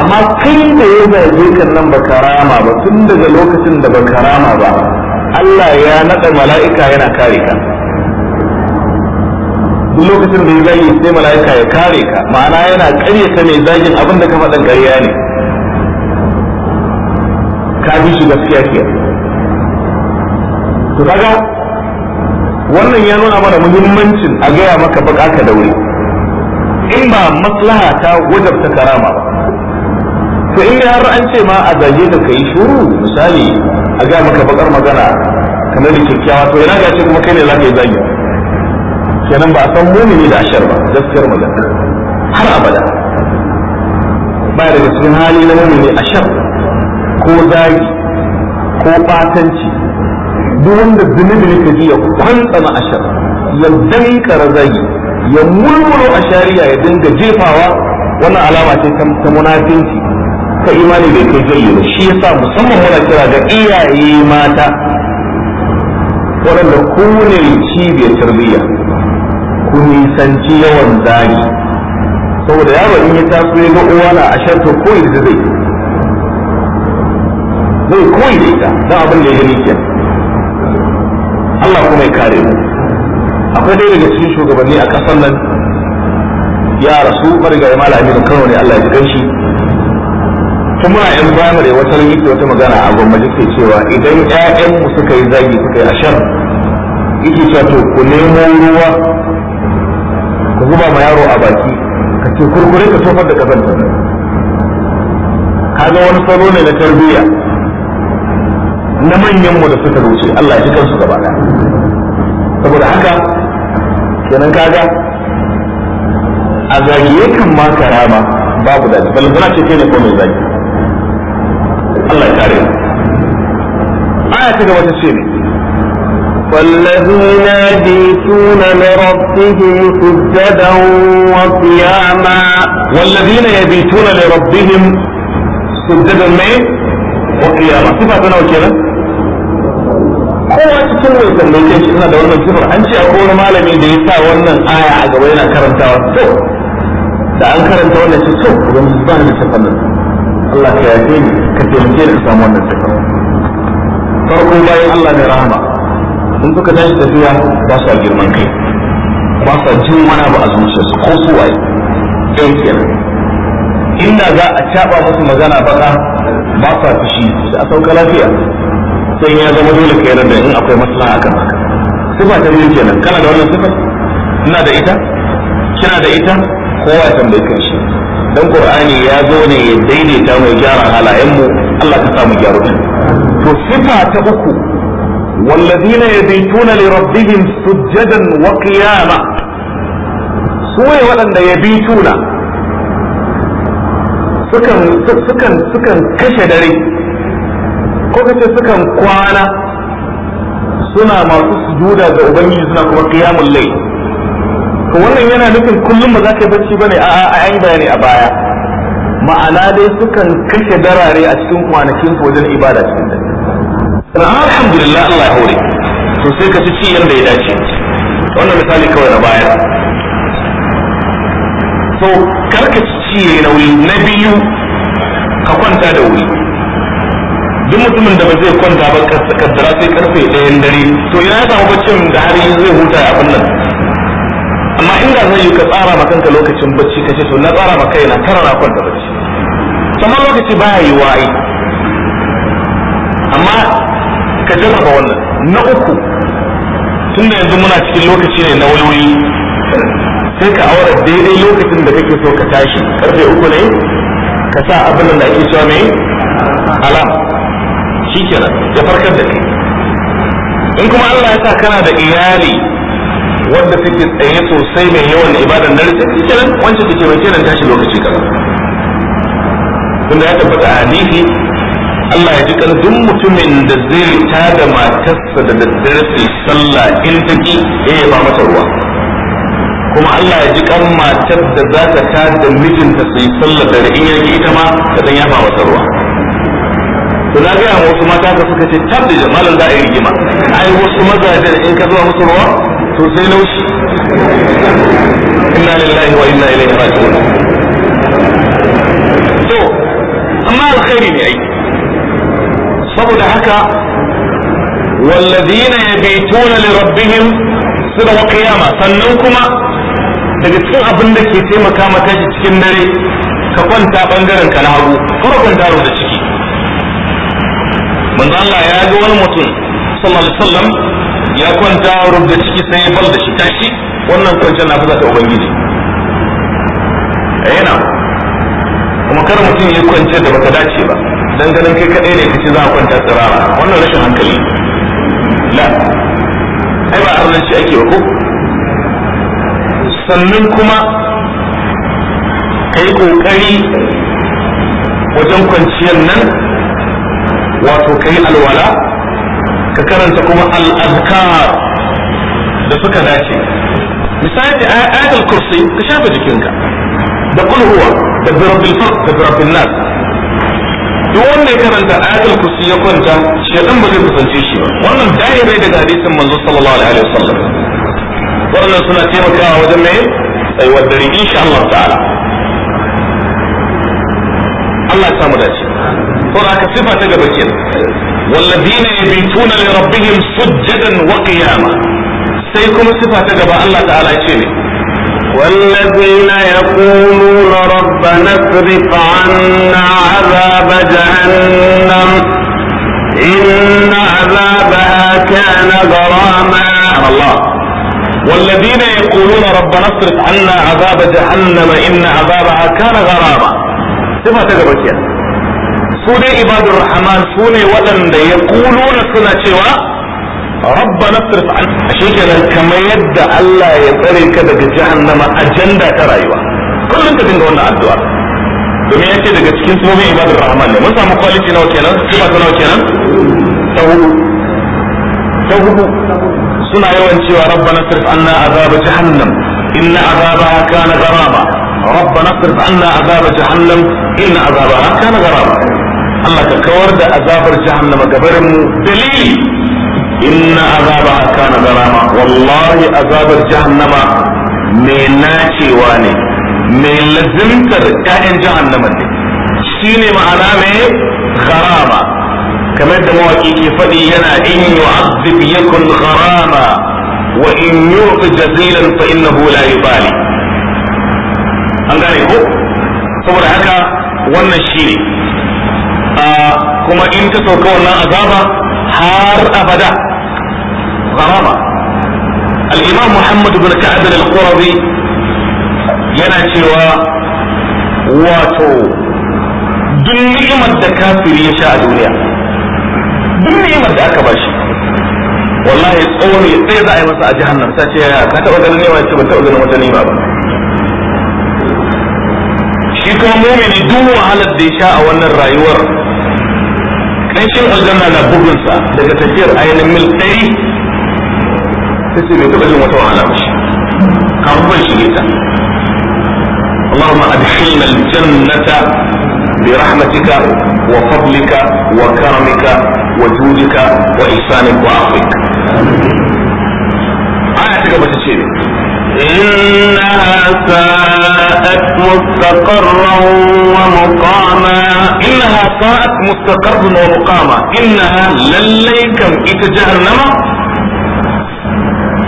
amma kai da ya zage kan nan ba karama ba tun daga lokacin da ba karama ba Allah ya nada mala'ika yana kare ka duk lokacin da ya zage sai mala'ika ya kare ka ma'ana yana ƙaryata mai zagin abin da ka faɗan ƙarya ne ka bi shi gaskiya ke. to kaga wannan ya nuna mana muhimmancin a gaya maka bukata ka wuri, in ba maslaha ta wajabta karama ba to in har an ce ma a zage ka kai shuru misali a gaya maka bakar magana kamar da kyakkyawa to yana ga ce kuma kai ne za ka yi zage kenan ba a san mumini da ashar ba gaskiyar magana har abada ba daga cikin hali na mumini ashar ko zagi ko batanci duk wanda zunubi ne kaji ya na ashar ya danka zagi ya mulmulo a shari'a ya dinga jefawa wannan alama ce ta munafinci ta imani bai kai jayi da shi yasa musamman muna kira ga iyaye mata waɗanda ku ne cibiyar tarbiyya ku nisanci yawan zagi saboda yaro in ya taso ya ga uwa na ashar to koyi da zai zai koyi da ita don abin da ya gani kenan Allah kuma ya kare mu akwai dai daga cikin shugabanni a kasar nan ya rasu mariga ya a da kano ne Allah ya ji shi kuma a yan primary wata yake wata magana a gwamnati ke cewa idan 'ya'yanmu suka yi zagi suka yi ashar yake cewa to ku nemo ruwa ku zuba ma yaro a baki ka ce kurkure ka tofar da Ka ga wani salo ne na tarbiyya na manyan mu da suka wuce Allah ya ji kansu gaba daya saboda haka kenan kaga a zage kan ma karama babu da balantana ce kai ne ko mai zagi Allah ya kare aya ta gaba ta ce ne والذين يبيتون لربهم سجدا وقياما والذين يبيتون لربهم سجدا وقياما صفة نوع kowa cikin mai tambaye shi ina da wannan sifar an ce akwai wani malami da ya sa wannan aya a gaba yana karantawa to da an karanta wannan shi to wani ba ni da sifar nan Allah ka yafe ni ka taimake ni samu wannan sifar farko bayan Allah mai rahama in suka tashi tafiya ba sa girman kai ba sa jin wani abu a zuciyarsu ko su waye ɗan kenan inda za a caɓa musu magana baka ba sa fushi da a sauka lafiya sai ya zama dole ka yarda in akwai maslaha kan haka sifa ta biyu kenan kana da wannan sifa ina da ita kina da ita kowa ya tambayi kanshi dan qur'ani ya zo ne ya daidaita mu gyara halayen mu Allah ka samu gyaro to sifa ta uku والذين يبيتون لربهم سجدا وقياما سوى ولن يبيتون sukan sukan sukan kashe dare ko kace sukan kwana suna masu sujuda ga ubangiji suna kuma qiyamul layl to wannan yana nufin kullum ba za ka yi bacci bane a a an bayani a baya ma'ana dai sukan kashe darare a cikin kwanakin wajen ibada cikin dare alhamdulillah Allah ya hore to sai ka ci ci yanda ya dace wannan misali kawai na baya so karka ci ci yayi nauyi na biyu ka kwanta da wuri duk mutumin da ba zai kwanta ba kaddara sai karfe ɗayan dare to ina ya samu baccin da har zai huta abin nan amma inda zai yi ka tsara ma kanka lokacin bacci kace to na tsara ma kaina tara na kwanta bacci kamar lokaci baya yi wa'i amma ka jarraba wannan na uku da yanzu muna cikin lokaci ne na wayoyi sai ka aure daidai lokacin da kake so ka tashi karfe uku ne ka sa abin da ake cewa mai alam shikenan ya farkar da kai in kuma Allah ya sa kana da iyali wanda take tsaye sosai mai yawan ibadar dare sai shikenan wancan take mai kenan tashi lokaci kaza tunda ya tabbata a hadisi Allah ya ji kan duk mutumin da zai tada matarsa da daddare sai sallah in take eh ba mata ruwa kuma Allah ya ji kan matar da za ta tada mijinta sai sallah da in yake ita ma ta ya yaba mata ruwa to na gaya ma wasu mata ka suka ce tab da malam za a yi rigima ai wasu mazajen in ka zuwa musu ruwa to sai laushi inna lillahi wa inna ilaihi raji'un to amma alkhairi ne ai saboda haka والذين يبيتون لربهم suna wa kiyama sannan kuma daga cikin abin da ke taimaka maka shi cikin dare ka kwanta ɓangaren ka na hagu farkon da shi manzo Allah ya ga wani mutum sallallahu alaihi wasallam ya kwanta rubda ciki sai ya bal da shi tashi wannan kwanciyar na fuka ta ubangiji yana eh, kuma kar mutum ya kwance da baka dace ba dan ganin kai kadai ne kace za a kwanta tsirara wannan rashin hankali la ai ba shi ake ba ko sannan kuma kai kokari wajen kwanciyar nan wato kai alwala ka karanta kuma al-azkar da suka dace misali ayatul kursi ka shafa jikinka da kul huwa da rabbil falq da rabbil nas duk wanda ya karanta ayatul kursi ya kwanta shedan ba zai kusance shi ba wannan dai daga hadisin manzo sallallahu alaihi wasallam wannan suna taimakawa wajen mai tsayuwar dare insha Allah ta'ala Allah ya samu dace saboda haka sifa والذين يبيتون لربهم سجدا وقياما سيكون صفة sujjadan الله تعالى يشيني والذين يقولون ربنا اصرف عنا عذاب جهنم إن عذابها كان غراما الله والذين يقولون ربنا اصرف عنا عذاب جهنم إن عذابها كان غراما صفة تقبل su dai ibadur rahman su ne waɗanda ya kuluna suna cewa rabba nasrif an shi kenan kamar yadda Allah ya tsare ka daga jahannama ajanda ta rayuwa kullum ka dinga wannan addu'a domin yace daga cikin sumomin ibadur rahman ne mun samu quality nawa kenan sifa ta nawa kenan ta hudu ta hudu suna yawan cewa rabba nasrif anna azaba jahannam inna azabaha kana gharama rabba nasrif anna azaba jahannam inna azabaha kana gharama Allah ka kawar da azabar jahannama gabarin mu dalili inna azabaha kana garama wallahi azabar jahannama mai nacewa ne mai lazimtar ƴaƴan jahannama ne shine ma'ana mai gharama kamar da mawaki ke faɗi yana in yu'azzib yakun gharama wa in yu'ti jazilan fa innahu la yubali an gane ko saboda haka wannan shine kuma in ta sauka wannan azaba har abada gharama al-imam Muhammad ibn Ka'ab al-Qurazi yana cewa wato duk ni'imar da kafiri ya sha a duniya duk ni'imar da aka bashi wallahi tsawon ya tsaye za a yi masa a jahannam ta ce ya ka taɓa ganin ne ce ba taɓa ganin wata ni'ima ba shi kuma mumini duk wahalar da ya sha a wannan rayuwar dan shi aljanna na bugunsa daga tafiyar ainihin mil ɗari ta ce bai taɓa jin wata wahala ba shi kafin ban shige ta اللهم أدخلنا الجنة برحمتك وفضلك وكرمك وجودك وإحسانك وعفوك آية كما تشير إنها ساءت مستقرا ومقاما إنها ساءت مستقرا ومقاما إنها لليكم إتجهنما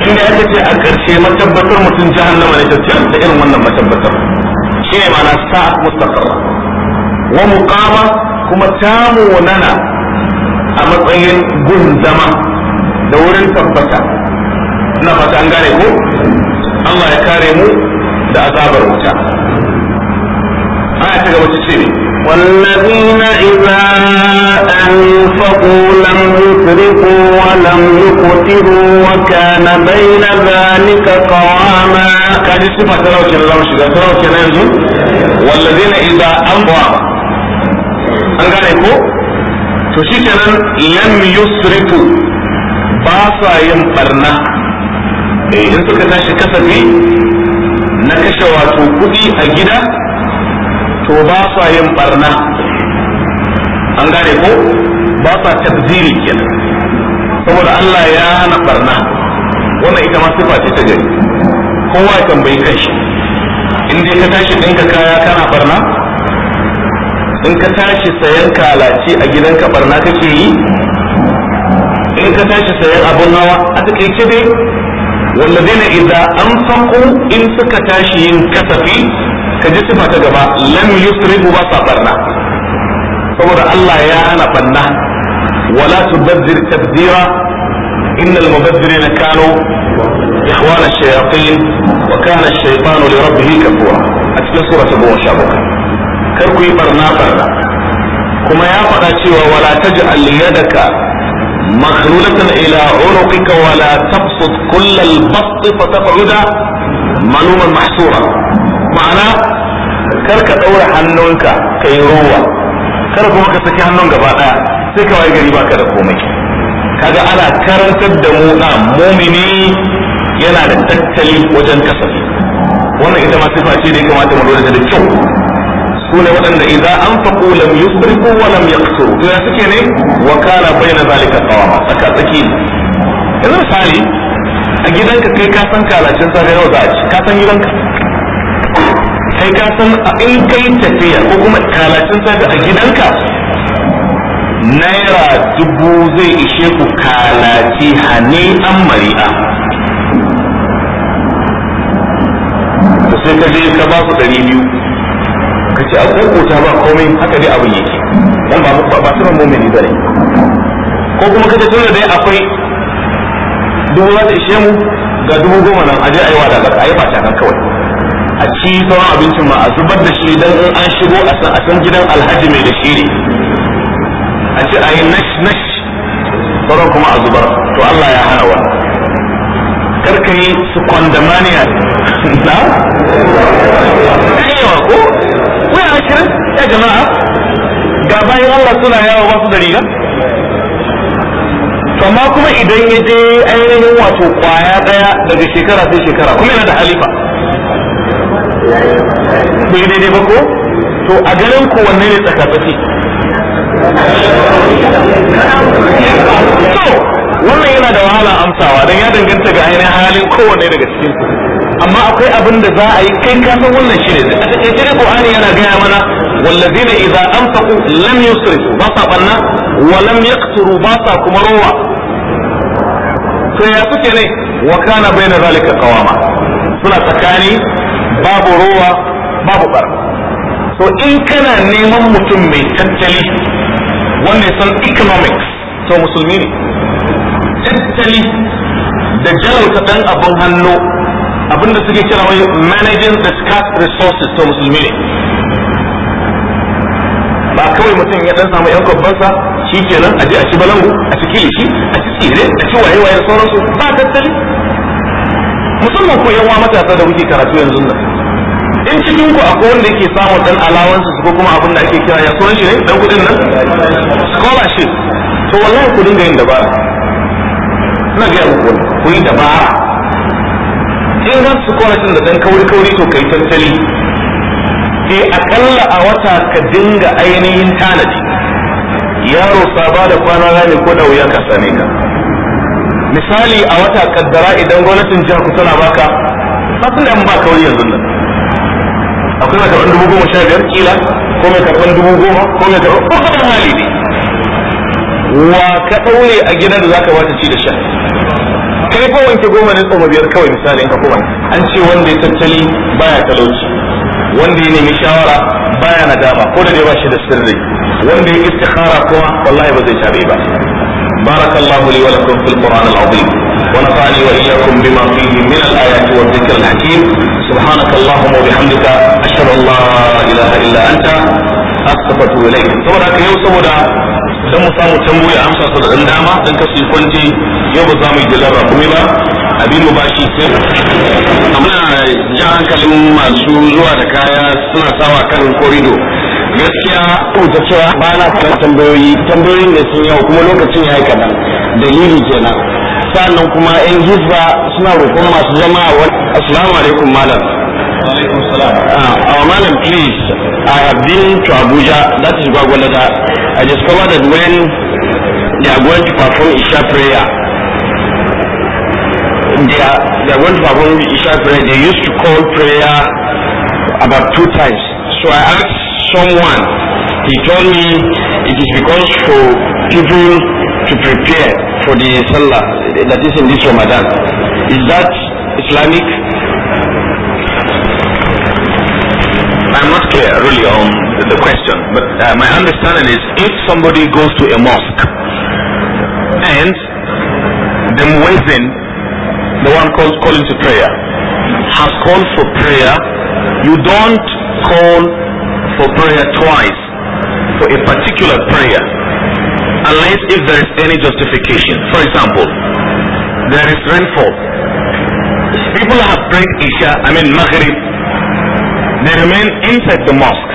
إن أتت أكر شيء مشبتا متنجهنما لتجهن سئل من مشبتا شيء معنى ساءت مستقرا ومقاما كما تامو لنا أما طيب جهن دورين تبتا نفت أنقاري Allah ya kare mu da azabar wuta aya ta gaba ta ce والذين إذا أنفقوا لم يسرفوا ولم يقتروا وكان بين ذلك قواما كان يسمى تلوش اللوش إذا تلوش ينزل والذين إذا أنفقوا أن قال يقول تشيكنا لم يسرفوا باسا ينفرنا in suka tashi kasafi na kashe wato kuɗi a gida to ba sa yin barna an gane ko ba sa tabziri kenan saboda Allah ya hana barna wannan ita ma sifa ce ta gari kowa ya tambayi kanshi in dai ka tashi ɗinka kaya kana barna in ka tashi sayan kalaci a gidanka barna kake yi in ka tashi sayan abun hawa a takaice dai والذين إذا أنفقوا إن سكتاشي كسفي كجسم تجمع لم يسرفوا وصبرنا saboda Allah ya hana banna wala tubazzir tabdira inna al-mubazzirina kanu ikhwan ash-shayatin wa kana ash-shaytanu li rabbih kafura a cikin sura ta goma sha kar barna barna kuma ya faɗa cewa wala taj'al yadaka مخلولة إلى عنقك ولا تبسط كل البسط فتقعد ملوما محصورا معنى كرك أول حنونك كي روى كرك ما كسكي حنونك بعد سيكا واي قريبا كرك ومك كذا على كرن تدمونا مؤمني ينال تتلي وجن كسكي وانا إذا ما تفاتي كما ما تمرون جدي Sune waɗanda idan an faƙo lam yusrifu wa lam yaqsuru to ya suke ne wa kana bayyana zalika qawama tsaka tsaki yanzu misali a gidanka kai ka san kalacin safe nawa za a ci ka san gidanka kai ka san in kai tafiya ko kuma kalacin safe a gidanka naira dubu zai ishe ku kalaci hane an mari'a sai ka je ka ba su ɗari biyu ka ce an kokota ba komai haka dai abin yake dan ba ba sunan mu'mini bane ko kuma kace tunda dai akwai dubu za ta ishe mu ga dubu goma nan aje ayi wada ga ayi fata kan kawai a ci sauran abincin ma a zubar da shi dan in an shigo a san a san gidan alhaji mai da shiri. a ce ayi nash nash sauran kuma a zubar to Allah ya hana wa ka yi su kwandamaniya <laughs> na yawa ko akwai ashirin ya jama'a ga bayan Allah suna yawo ba su da riga amma kuma idan ya je ainihin wato kwaya daya daga shekara sai shekara kuma yana da halifa yi daidai ba ko to a garin ku wanne ne tsakatsaki so wannan yana da wahala amsawa don ya danganta ga ainihin halin kowanne daga cikin ku amma akwai abin da za a yi kai ka san wannan shi ne a cikin shirin Qur'ani yana gaya mana wallazina idza anfaqu lam yusrifu ba sa banna wa lam yaqturu ba sa kuma rowa to ya kuke ne wa kana baina zalika qawama suna tsakani babu rowa babu barna To in kana neman mutum mai tattali wanda san economics to musulmi ne tattali da jalauta dan abin hannu abinda suke kira wai managing the scarce resources to musulmi ne ba kawai mutum ya dan samu yan kwabbansa shi kenan a je a ci balangu a ci kilishi a ci tsire a ci waye waye sauransu ba tattali musamman ko yawa matasa da muke karatu yanzu nan in cikin ku akwai wanda yake samun dan alawansu ko kuma abin da ake kira ya sunan shi ne dan kudin nan scholarship to wallahi ku dinga yin dabara ina ga ku ku yi dabara in za su kwana cin da dan kauri kauri to kai tattali Ke eh, akalla a wata ka dinga ainihin tanadi yaro saba da kwana rani ko da wuya ka same ka misali a wata kaddara idan gwamnatin jihar ku tana baka fasin da ba kauri yanzu nan akwai mai karɓar dubu goma sha biyar kila ko mai karɓar dubu goma ko mai karɓar ko kaɗan hali ne wa ka ɗaure a gidan da za ba ta ci da sha kai fa wanke goma ne tsoma biyar kawai misali in ka an ce wanda ya tattali baya talauci wanda ya nemi shawara baya nadama ko da dai ba shi da sirri wanda ya istikhara kuma wallahi ba zai tabe ba barakallahu li wa lakum fil qur'an al azim wa nafa'ani wa iyyakum bima fihi min al ayati wa dhikr al hakim سبحانك اللهم وبحمدك أشهد أن لا إله إلا أنت dan mu samu tambayoyi amsa su da dan dama dan kasu kwanci yau ba za mu yi rakumi ba abin mu bashi sai amma ya hankalin masu zuwa da kaya suna sawa kan korido gaskiya ta cewa ba na kan tambayoyi tambayoyin da sun yau kuma lokacin ya yi kadan dalili kenan sannan kuma yan hizba suna roƙon masu zama a wani assalamu alaikum malam alaikum salam ah, malam please i have been to abuja that is gwagwalada I discovered that when they are going to perform Isha prayer, they are, they are going to perform Isha prayer, they used to call prayer about two times. So I asked someone, he told me it is because for people to prepare for the Salah that is in this Ramadan. Is that Islamic? I'm not clear really on um, the question, but uh, my understanding is if somebody goes to a mosque and the muezzin, the one calling to prayer, has called for prayer, you don't call for prayer twice for a particular prayer unless if there is any justification. For example, there is rainfall. People have prayed Isha, I mean Maghrib, they remain inside the mosque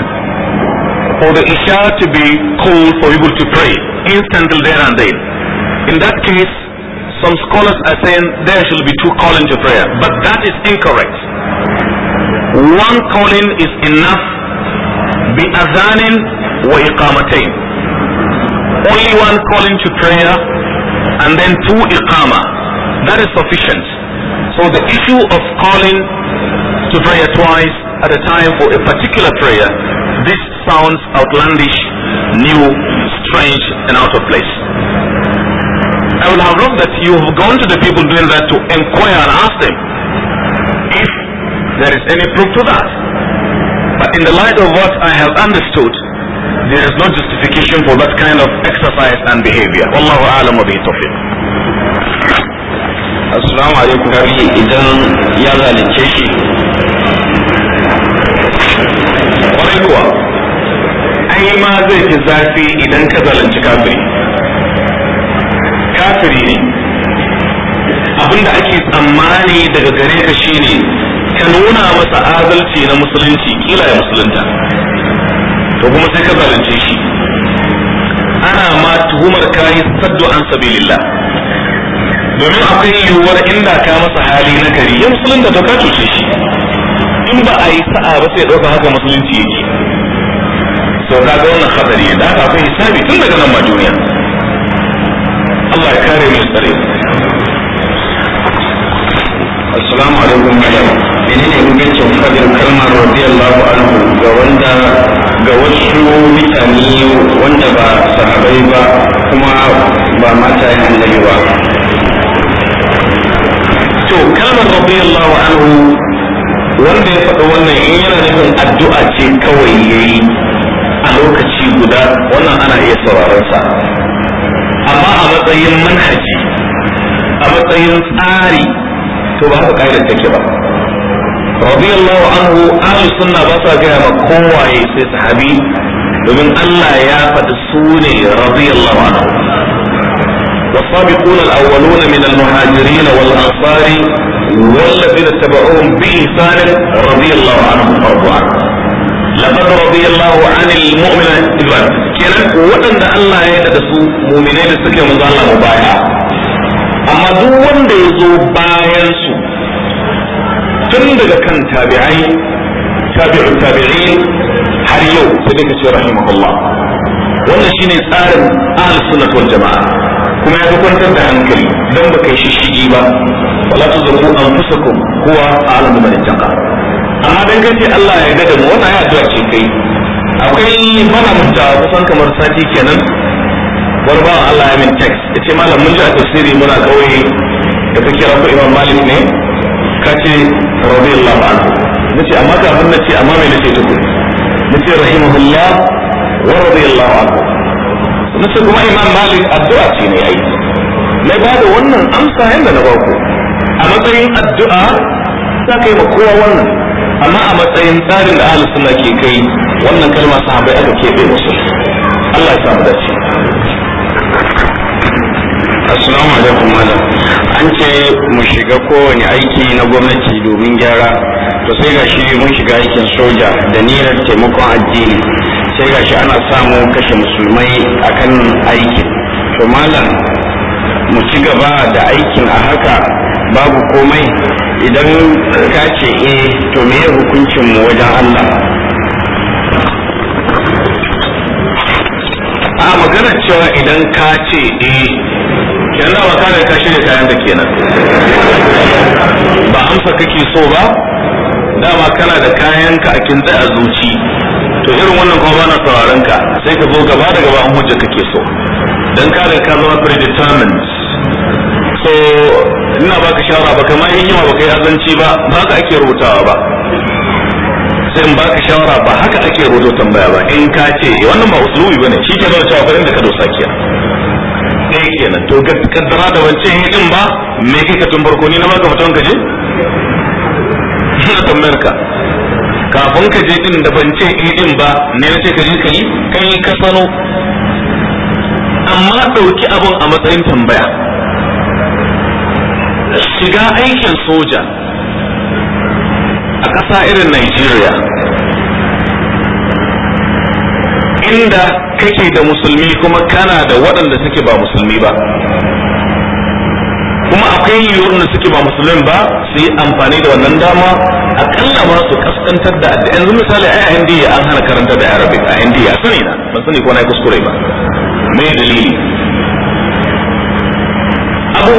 for the Isha to be called for people to pray instantly there and then. In that case, some scholars are saying there should be two calling to prayer, but that is incorrect. One calling is enough bi azanin wa iqamatain. Only one calling to prayer and then two iqama. That is sufficient. So the issue of calling to prayer twice at a time for a particular prayer, this sounds outlandish, new, strange, and out of place. I will have loved that you have gone to the people doing that to inquire and ask them if there is any proof to that. But in the light of what I have understood, there is no justification for that kind of exercise and behavior. Wallahu alam wa bihi Assalamu alaikum. idan ya shi. kai ma zai fi zafi idan ka zalunci kafiri kafiri ne abinda ake tsammani daga gare ka shine ka nuna masa adalci na musulunci kila ya musulunta to kuma sai ka zalunce shi ana ma tuhumar kayi saddu an sabilillah domin akwai yiwuwar inda ka masa hali na gari ya musulunta to ka cuce shi in ba a yi sa'a ba sai ɗauka haka musulunci yake to ga wannan hadari ne da ka akwai hisabi tun daga nan ma duniya Allah ya kare mu tsare assalamu alaikum malam menene hukuncin fadin kalmar radiyallahu anhu ga wanda ga wasu mutane wanda ba sahabai ba kuma ba mata yin annabi ba to kalmar radiyallahu anhu wanda ya faɗi wannan in yana nufin addu'a ce kawai yayi a lokaci guda wannan ana iya sauraron sa amma a matsayin manhaji a matsayin tsari to ba haka kaidar take ba radiyallahu anhu ahli sunna ba sa gaya ma kowaye sai sahabi domin Allah ya faɗi sune radiyallahu anhu والسابقون الأولون من المهاجرين والأنصار والذين اتبعوهم بإحسان رضي الله عنهم وارضوا عنه laqad radiyallahu anil mu'mina ibad kenan waɗanda Allah ya da su mu'minai da suke manzo mu baya amma duk wanda ya zo bayan su tun daga kan tabi'ai har yau sai daga ce rahimahullah wannan shine tsarin ahlus sunnah jama'a kuma ya kwantar da hankali dan baka yi shishigi ba wala tuzuru anfusakum huwa a'lamu man ittaqa amma dan kace Allah ya yarda da mu wannan ya zuwa ce kai akwai mana mutta kusan kamar sati kenan wani bawan Allah ya min text yace malam mun ji a tafsiri muna kauye da kake rabu Imam Malik ne kace radiyallahu anhu nace amma kafin nace amma me nace tuku nace rahimahullah wa radiyallahu anhu nace kuma Imam Malik addu'a ce ne ai na ba da wannan amsa yanda na ba ku a matsayin addu'a za ka yi ma kowa wannan amma a matsayin tsarin da ahalus suna ke kai wannan kalma sahabbai aka keɓe musu Allah ya samu dace Assalamu alaikum malam an ce mu shiga kowane aiki na gwamnati domin gyara to sai ga shi mun shiga aikin soja da niyyar taimakon addini sai ga shi ana samu kashe musulmai akan aikin to malam mu ci gaba da aikin a haka babu komai idan ka ce eh to me hukuncin mu wajen Allah a maganar cewa idan ka ce eh kenan ba ka ka shirya kayan da kenan ba amsa kake so ba dama kana da kayan ka a kintsa a zuci to irin wannan kuma bana sauraron ka sai ka zo gaba da gaba an hujja kake so dan ka ka zama predetermined so ina baka shawara ba kamar in yawa baka yi azanci ba ba ka ake rubutawa ba sai in baka shawara ba haka ake rubuta tambaya ba in ka ce eh, wannan ba usulubi bane shi ke nuna cewa farin da ka dosa kiya ɗaya kenan to kaddara da wancan din ba me kai ka tun barko ni na baka mutum ka je ina tambayar ka kafin ka je din da ban ce din eh ba ne ya ce ka je ka yi kai ka sano amma ɗauki abun a matsayin tambaya shiga aikin soja a ƙasa irin Najeriya inda kake da musulmi kuma kana da waɗanda suke ba musulmi ba kuma akwai yiwuwar da suke ba musulmi ba su yi amfani da wannan dama akalla ma su kaskantar da addu'a yanzu misali a indiya an hana karanta da arabic a indiya sani na ban sani ko na kuskure ba me dalili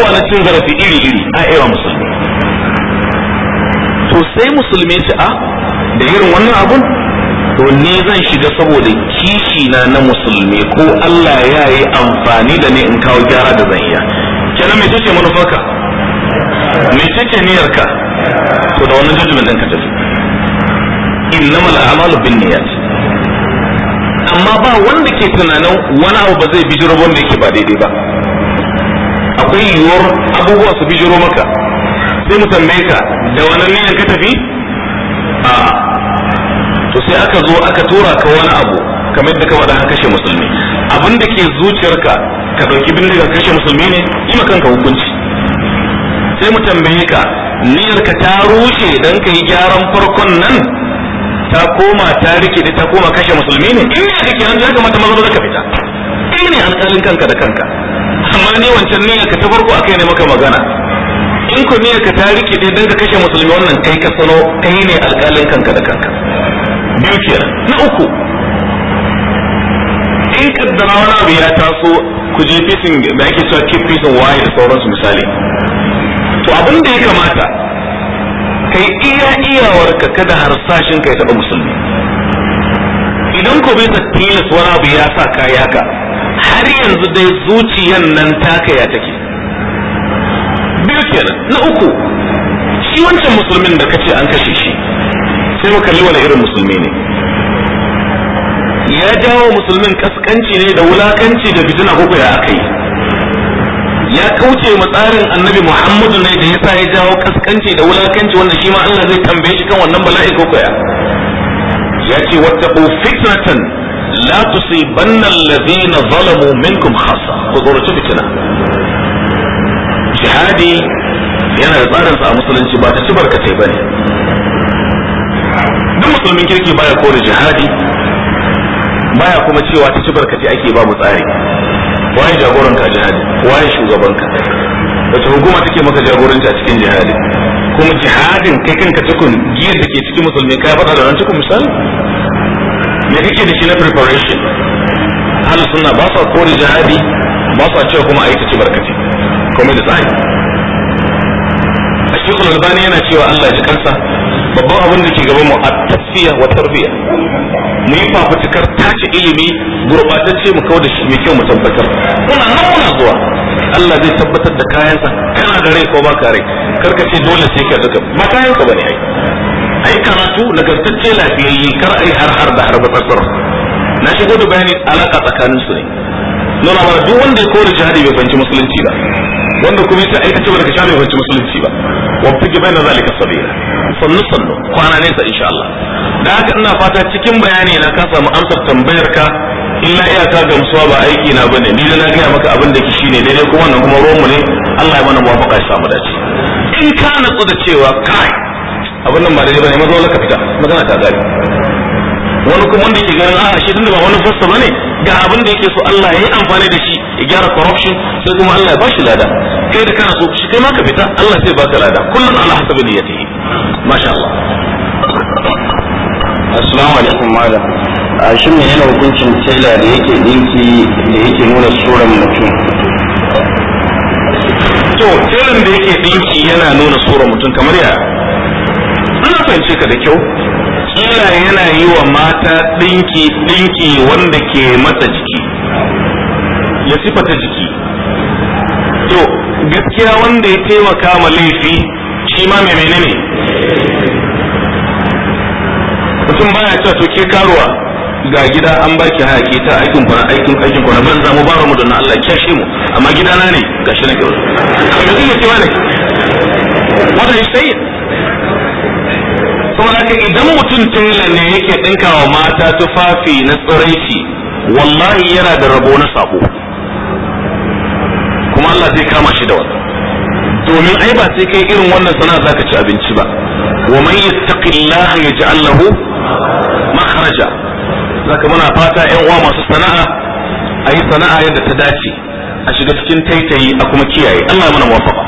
abubuwa na cin zarafi iri iri a ewa musulmi to sai musulmi su a ah, da irin wannan abun to ne zan shiga saboda kishi na na musulmi ko Allah ya yi amfani da ni in kawo gyara da zan iya kenan mai tace manufarka me tace ka, to da wannan judgment din ka tafi innamal a'malu niyyat amma ba wanda ke tunanin wani abu ba zai bi jirgin wanda yake ba daidai ba akwai yiwuwar abubuwa su bijiro maka sai mu tambaye ka da wannan niyan ka tafi a to sai aka zo aka tura ka wani abu kamar da ka faɗa ka kashe musulmi abin da ke zuciyarka ka ɗauki bindiga kashe musulmi ne yi ma kanka hukunci sai mu tambaye ka niyyar ka ta rushe dan ka yi gyaran farkon nan ta koma ta rike ta koma kashe musulmi ne in ne kake nan ya kamata maza ka fita in ne alƙalin kanka da kanka amma ni wancan niyyar ka ta farko akai ne maka magana in ku niyyar ka ta rikide dan ka kashe musulmi wannan kai ka sano kai ne alƙalin kanka da kanka biyu kenan na uku in kaddara wani abu ya taso ku je fitin da ake cewa keep fitin waye da sauransu misali to abin da ya kamata kai iya iyawarka kada harsashin kai taɓa musulmi idan ko bai tilas wani abu ya sa kaya ka har yanzu dai zuciyan nan takaya ya take biyu kenan na uku shi wancan musulmin da kace an kashe shi sai mu kalli wani irin musulmi ne ya jawo musulmin kaskanci ne da wulakanci da fitina ko ya akai ya kauce ma tsarin annabi muhammadu ne da ya sa ya jawo kaskanci da wulakanci wanda shi ma Allah zai tambaye shi kan wannan bala'i ko ya ya ce wata fitnatan la tusibanna alladhina zalamu minkum khassa ku tsoraci fitina jihadi yana da tsarin sa a musulunci ba ta ci barkatai bane duk musulmin kirki baya kore jihadi baya kuma cewa ta ci barkatai ake ba mu tsari waye jagoran ka jihadi waye shugaban ka wace hukuma take maka jagoranci a cikin jihadi kuma jihadin kai kanka tukun giyar da ke cikin musulmi ka faɗa da ran tukun misali me kake da shi na preparation ahlus suna ba sa kore jihadi ba sa cewa kuma ayi ta ci barkaci kuma da tsari Sheikh Al-Albani yana cewa Allah ji kansa babban abin da ke gaban mu a tafiya wa tarbiya mu yi fafutukar tace ilimi gurbatacce mu kawo da shi mai kyau mu tabbatar muna nan muna zuwa Allah zai tabbatar da kayansa kana da rai ko ba ka rai karkace dole sai ka duka ba kayansa bane ai ai yi karatu nagartacce lafiyayye kar a yi har har da har batsar na shigo da bayani alaka tsakanin su ne nuna mana duk wanda ya kore jihadi bai banci musulunci ba wanda kuma yasa aikace ba daga shari'a bai banci musulunci ba wabta ki bayyana zalika sabila sannu sannu kwana nesa insha Allah da haka ina fata cikin bayani na ka samu amsar tambayar ka illa iyaka gamsuwa ba aiki na bane ni da na gaya maka abin da ki shine daidai kuma wannan kuma ruwan mu ne Allah ya mana muwafaqa ya samu dace in ka natsu da cewa kai abin nan ba daidai bane mazo ka fita magana ta gari wani kuma wanda ke ganin a'a shi tunda ba wani fasta bane ga abin da yake so Allah ya yi amfani da shi ya gyara corruption sai kuma Allah ya bashi lada kai da kana so shi kai ma ka fita Allah sai baka lada kullun ala hasabi niyyatihi masha Allah assalamu alaikum malam ne yana hukuncin tela da yake dinki da yake nuna suran mutum to irin da yake dinki yana nuna sura mutum kamar ya yanzu na fahimce ka da kyau kila yana yi wa mata ɗinki ɗinki wanda ke mata jiki ya sifata jiki to gaskiya wanda ya taimaka ma laifi shi ma mai menene mutum baya cewa to ke karuwa ga gida an baki ki haƙi ta aikin kwana aikin aikin kwana ban zamu ba mu don Allah kyashe mu amma gidana ne gashi na kyau to me kike cewa ne what are saboda idan mutum tela ne yake dinka wa mata tufafi na tsiraici wallahi yana da rabo na sabo kuma Allah zai kama shi da wannan domin ai ba sai kai irin wannan sana'a zaka ci abinci ba wa man yattaqillaha yaj'al lahu makhraja zaka muna fata ƴan uwa masu sana'a ayi sana'a yadda ta dace a shiga cikin taitayi a kuma kiyaye Allah mana muwafaqa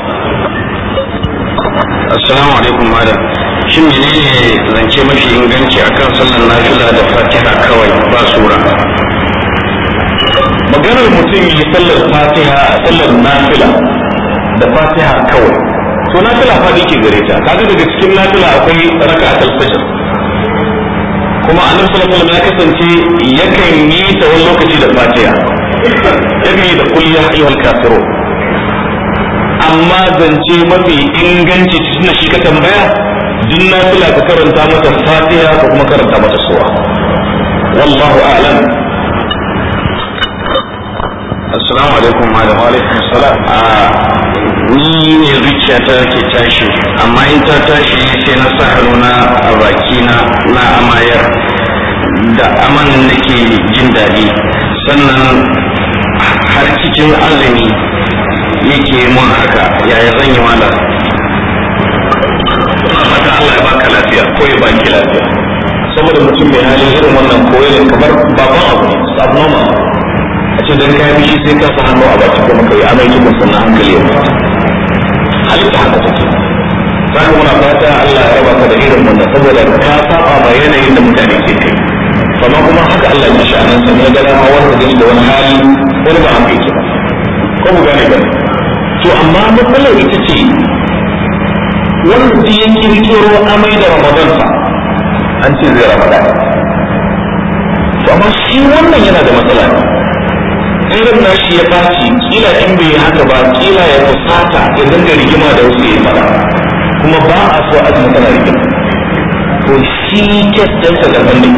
assalamu alaikum madam shi ne zance mafi inganci a kan sallar nafila da fatiha kawai ba sura maganar mutum yi sallar fatiha sallar nafila da fatiha kawai to nafila fadi ke gare ta kaga daga cikin nafila akwai raka a fajr kuma annabi sallallahu alaihi wasallam ya kasance yakan yi ta wani lokaci da fatiha yakan yi da kulli ya ayyuhal kafirun amma zance mafi inganci tunda shi ka tambaya duk kula ka karanta mata fatiha ka kuma karanta mata sura wallahu a'lam assalamu alaikum wa alaikum salam ah, ni ne zuciya ta ke tashi amma in ta tashi sai na sa hannuna a baki na na amayar da aman nake jin dadi sannan har cikin azumi yake mun haka yaya zan yi fata Allah ya baka lafiya ko ya baki lafiya saboda mutum mai halin irin wannan koyon kamar baban abu abnormal a ce dan kai bishi sai ka sa hannu a baki kuma kai amai kuma sannan hankali ya mutu halitta haka take zaka muna fata Allah ya raba ka da irin wannan saboda ka saba ma yanayin da mutane ke kai amma kuma haka Allah ya shi anan sai ga dama wanda da wani hali wani ba haka yake ba ko mu gane ba to amma matsalar ita ce wanda duk ya kirkiro amai da ramadan sa an ce zai ramadan to amma shi wannan yana da matsala irin shi ya baci kila in bai yi haka ba kila ya fusata ya dinga rigima da wasu ya fara kuma ba a so azumi tana rigima to shi ke ɗansa da ne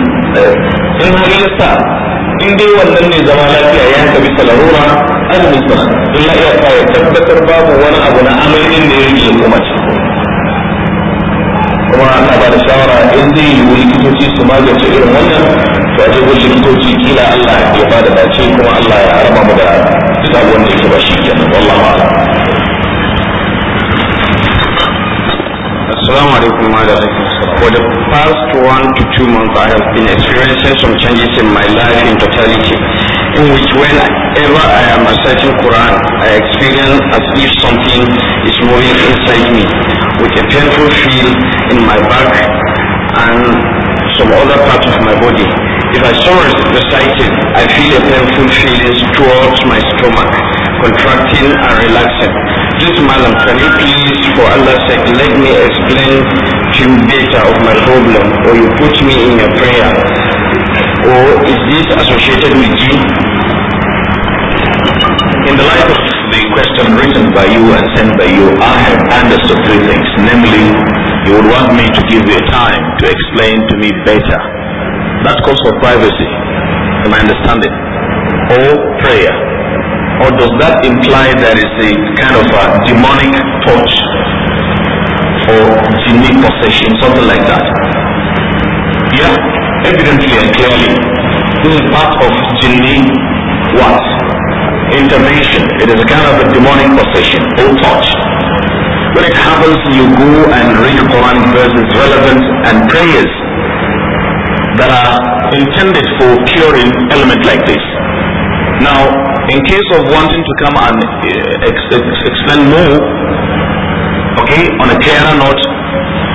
in har ya sa in dai wannan ne zama lafiya ya ka bisa larura azumin sana illa iya ya tabbatar babu wani abu na amainin da ya kuma ce kuma ana ba da shawara in zai yiwu likitoci su magance irin wannan to a cikin kila Allah ya ba da dace kuma Allah ya raba mu da duk abubuwan da yake ba shi kenan wallahi a'lam Assalamu alaikum For the past one to two months, I have been experiencing some changes in my life in totality. in which whenever I am reciting Quran, I experience as if something is moving inside me with a painful feel in my back and some other parts of my body. If I it recited, I feel a painful feeling towards my stomach, contracting and relaxing. This madam, can you please, for Allah's sake, let me explain to you better of my problem, or you put me in your prayer, or is this associated with you? In the light of the question written by you and sent by you, I have understood three things. Namely, you would want me to give you time to explain to me better. That calls for privacy, am I understanding? Or prayer. Or does that imply there is a kind of a demonic touch or demonic possession, something like that? Yeah, evidently and clearly, this is part of jinni what? intervention. It is a kind of a demonic possession or touch. When it happens, you go and read Quranic verses relevant and prayers that are intended for curing element like this. Now, in case of wanting to come and uh, ex ex explain more, okay, on a clearer note,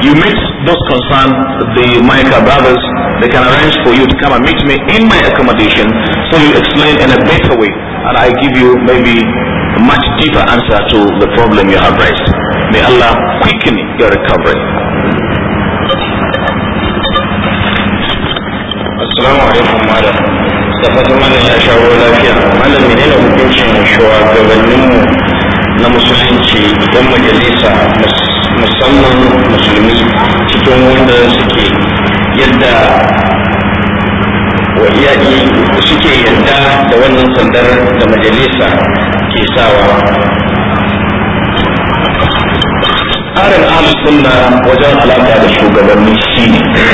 you meet those concerned, the Maika brothers, they can arrange for you to come and meet me in my accommodation so you explain in a better way and I give you maybe a much deeper answer to the problem you have raised. May Allah quicken your recovery. Assalamu alaikum madam. Da fatan malam ya shawo lafiya. Malam menene hukuncin shugabanninmu na musulunci 'yan majalisa musamman musulmi cikin wanda suke yadda wa iyaki suke yadda da wannan sandar da majalisa ke sawa tsarin ahlus sunna wajen alaƙa da shugabanni shi ne.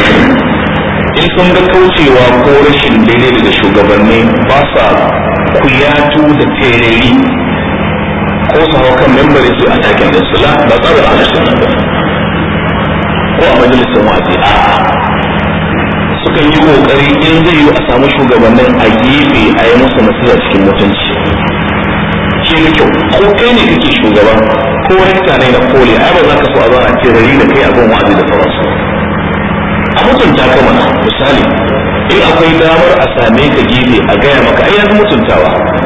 in sun ga kaucewa ko rashin daidai da shugabanni ba sa kuyatu da tereri ko su hau kan membari su atakin da sula ba a ala sunna ba ko a majalisar wa'azi a sukan yi kokari in zai yi a samu shugabannin a gefe a yi musu nasiya cikin mutunci ke da kyau ko kai ne kake shugaba ko wani ne na koli ai ba za ka so a zara ke rari da kai a gon wa'azi da sauransu a mutunta ka mana misali in akwai damar a same ka gefe a gaya maka ai mutuntawa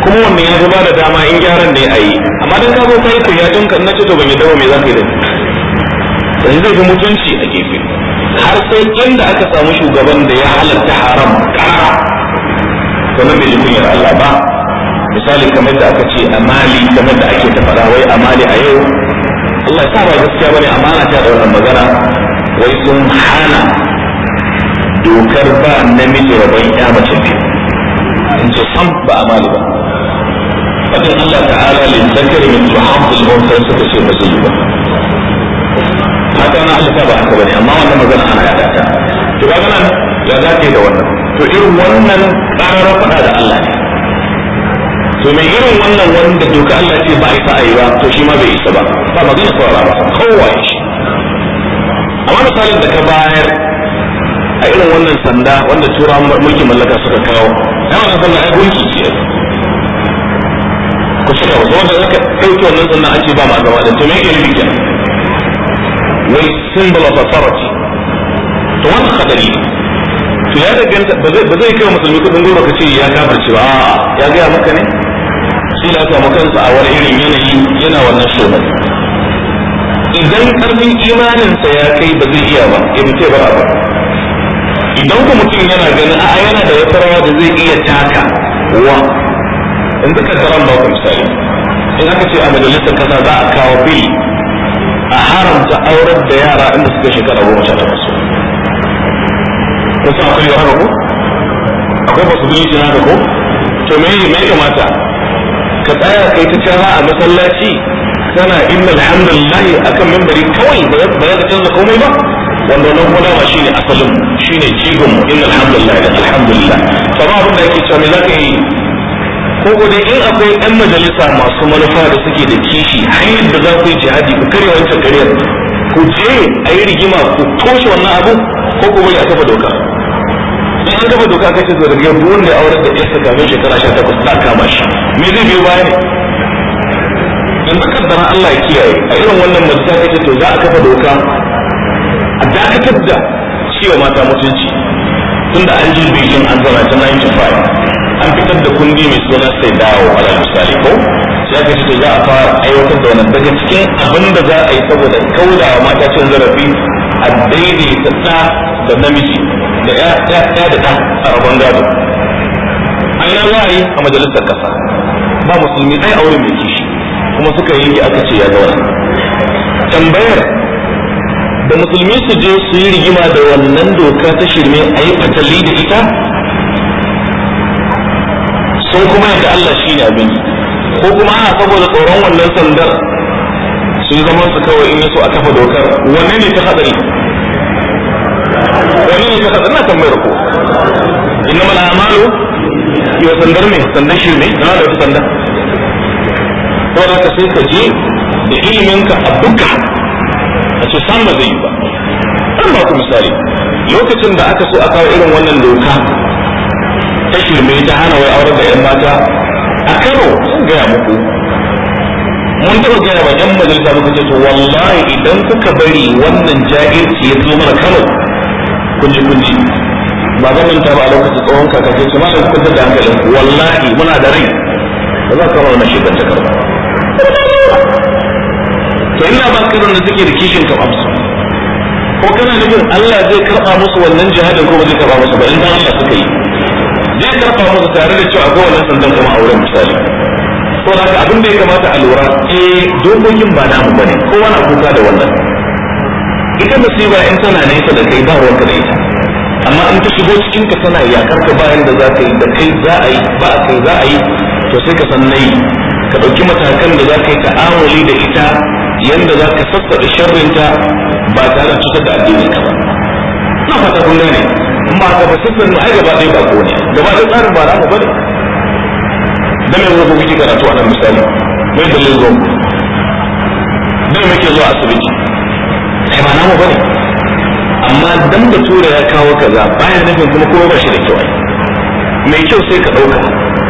kuma wannan ya ba da dama in gyaran ne a yi amma dan ka zo kai yi ya dinka na ce to ban yi dawo me za ka yi da ni zai fi mutunci a gefe har sai inda aka samu shugaban da ya halatta haram kara sannan bai ji kunyar Allah ba misali kamar da aka ce amali kamar da ake ta faɗa wai amali a yau Allah ya sa ba gaskiya bane amana ta da wannan magana wai sun hana dokar ba namiji rabon ya mace biyu in ce sam ba amali ba fadin Allah ta'ala lin zakari min tuhabbul unsa suka ce ba zai ba haka na alfa ba haka bane amma wannan magana ana yada ta to ga nan ya yi da wannan to irin wannan ƙararra faɗa da Allah ne to mai irin wannan wanda doka Allah ce ba a yi sa'ayi ba to shi ma bai isa ba ba magana saurara ba kowa shi A amma misalin da ka bayar a irin wannan sanda wanda turawan mulkin mallaka suka kawo ai wannan sanda ai gunki ce haka ba wanda zaka ɗauke wannan sannan an ce ba ma gaba da to me yake nufi kenan wai symbol of authority to wannan hadari to ya danganta ba zai ba zai kai musulmi kudin goro ka ce ya kafirce ba ya gaya maka ne shi da aka kansa a wani irin yanayi yana wannan shoma idan karfin imaninsa ya kai ba zai iya ba ya mutu ba ba idan ku mutum yana ganin a yana da wata rawa da zai iya taka wa in duka daren ba ku misali in aka ce a majalisar kasa za a kawo bil a haramta aurar da yara inda suka shekara goma sha takwas kusa akwai yau haka ko akwai ba su gudu na haka ko to me me kamata ka tsaya kai ta cara a masallaci kana inna alhamdulillah akan mimbari kawai ba za ka canza komai ba wanda wannan kuma dama shine asalin shine jigon mu inna alhamdulillah alhamdulillah to ba abin da yake cewa me za ka yi Ko saboda in akwai yan majalisa masu manufa da suke da kishi hanyar da za ku yi jihadi ku karya wancan kariyar ku je a yi rigima ku toshe wannan abu ko ku bari a kafa doka in an kafa doka kai ce da rigima duk wanda aure da 'yasta kamin shekara kusa za kama shi me zai biyo baya ne in ka kaddara Allah ya kiyaye a irin wannan majalisa kai ce to za a kafa doka a dakatar da cewa mata mutunci tunda an ji bikin an zama ta 95 an fitar da kundi mai suna sai dawo ala misali ko sai aka ce za a fara aiwatar da wannan daga cikin abin da za a yi saboda kauda wa mata cin zarafi a daidaita ta da namiji da ya da ɗa a rabon gado a ina za a yi a majalisar ƙasa ba musulmi ai aure mai kishi kuma suka yi aka ce ya zauna tambayar da musulmi su je su yi rigima da wannan doka ta shirme a yi fatali da ita sun kuma yadda Allah shi ne abin ko kuma a saboda tsoron wannan sandar sun zama su kawai in yaso a kafa dokar wanne ne ta hadari wanne ne ta hadari na tambayar ko inna mal amalu yau sandar ne sandar shi ne na da sandar ko da ka sai ka je da ilimin ka a duka a ce san ba zai yi ba an ba ku misali lokacin da aka so a kawo irin wannan doka ta shirme ta hana wai aurar da yan mata a kano sun gaya muku mun taɓa gaya ba yan majalisa muka ce to wallahi idan kuka bari wannan jahilci ya zo mana kano kunji kunji ba zan manta ba a lokacin tsohon kakakin su malam kuka da hankalin wallahi muna da rai ba za ka kawo na shigar ta kano to ina ba karon da suke da kishin ka amsa ko kana nufin Allah zai karɓa musu wannan jihadin ko ba zai karɓa musu ba in Allah suka yi zai karfa musu tare da cewa ga wannan sandan kuma auren misali to haka abin da ya kamata a lura eh dokokin ba namu bane kowa na kuka da wannan ita musiba in tana nesa da kai ba ruwanka da ita amma in ta shigo cikin ka tana yakar ka bayan da ka yi da kai za a yi ba kai za a yi to sai ka san nayi ka ɗauki matakan da za ka yi ta'amuli da ita yanda za ka sassaɓe sharrinta ba tare da cutar da addinin ka ba na fata kun gane ma ga ba sifar mu ai gaba ɗaya ba ko ne gaba ɗaya tsarin ba ramu bane da mai wanda kuke karatu a nan misali mai dalilin ruwan da muke zuwa asibiti sai ba namu bane amma dan da tura ya kawo kaza bayan nufin kuma kowa ba shi da kyau mai kyau sai ka ɗauka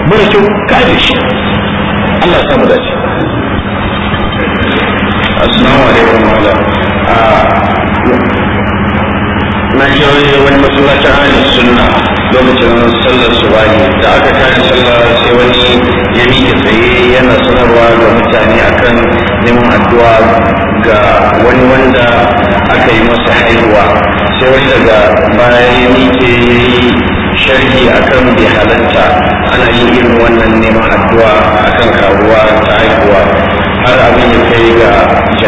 mara kyau ka aje shi Allah ya samu dace assalamu alaikum wa rahmatullahi na je wani masallacin ahalin sunna lokacin sallar subahi da aka tashi sallar sai wani ya miƙe tsaye yana sanarwa ga mutane akan neman addu'a ga wani wanda aka yi masa haihuwa sai wani daga baya ya miƙe sharhi akan bai halatta ana yi irin wannan neman addu'a akan karuwa ta haihuwa har abin ya kai ga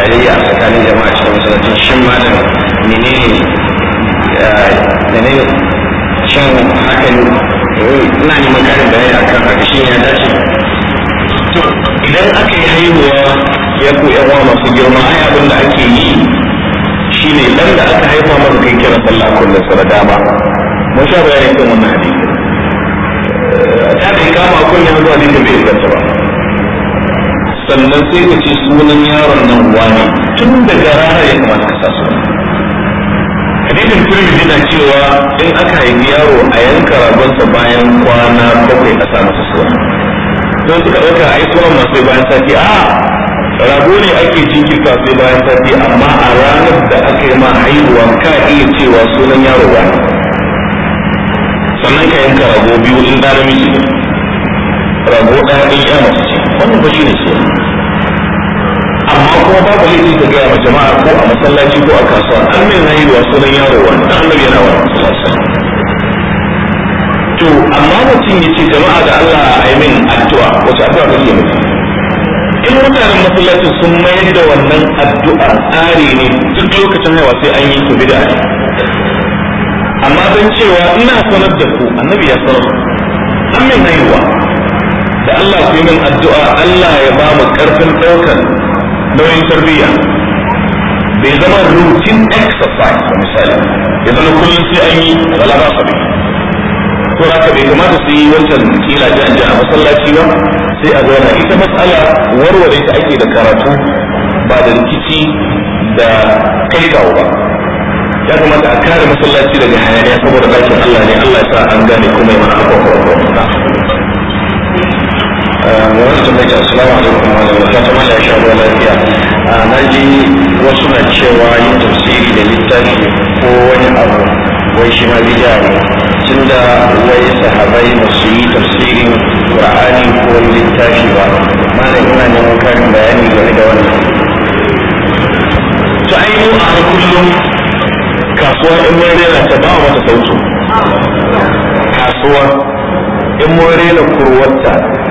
a tsakanin jama'a cikin masallacin shin malam menene da shan hakan eh, ina neman da ya akan haka shi ya dace idan aka yi haihuwa ya ku yan uwa masu girma ai abin da ake yi shine dan da aka haifa maka kai kira sallah kullum sura dama mun sha bayani kan wannan hadisi eh, ta da kama kullum zuwa ne bai inganta ba sannan sai ka ce sunan yaron nan wani tun daga ranar ya kamata ka sa sunan ibn kulli na cewa in aka haifi yaro a yanka ragonsa bayan kwana bakwai a sa su suwa don suka ɗauka a yi suran masu bayan sati a rago ne ake jinkirta sai bayan sati amma a ranar da aka yi ma haihuwa ka iya cewa sunan yaro ba sannan ka yanka rago biyu in ɗara namiji rago ɗaya ɗin ya mace ce wannan ba shi ne amma kuma babu laifi ka gaya ma jama'a ko a masallaci ko a kasuwa an mai na yi wa sunan yaro wani an mai yana wani to amma mutum ya ce jama'a da Allah a yi min addu'a wace addu'a yi mutum in mutanen masallaci sun mayar da wannan addu'a tsari ne duk lokacin hawa sai an yi ku bida amma don cewa ina sanar da ku annabi ya sanar an min haihuwa da Allah ku yi min addu'a Allah ya ba mu karfin ɗaukar nauyin tarbiyya bai zama routine exercise a misali ya zama kullum sai an yi wala ba ko to ka bai kamata su yi wancan kila an jan a masallaci ba sai a zauna ita matsala warware ta ake da karatu ba da rikici da kai kawo ba ya kamata a kare masallaci daga hayaniya saboda zaki Allah ne Allah ya sa an gane kuma ya mana abubuwa wani sun bace assalamu alaikum wa rahmatullahi wa barakatuh Allah lafiya na ji wasu na cewa yin tafsiri da littafi ko wani abu wai shi ma bid'a tun da wai sahabai ba su yi tafsirin ƙur'ani ko littafi ba malam ina neman karin bayani game da wani to ai mu a kullum kasuwa in mun rera ta ba mata sautu kasuwa in mun rera kurwarta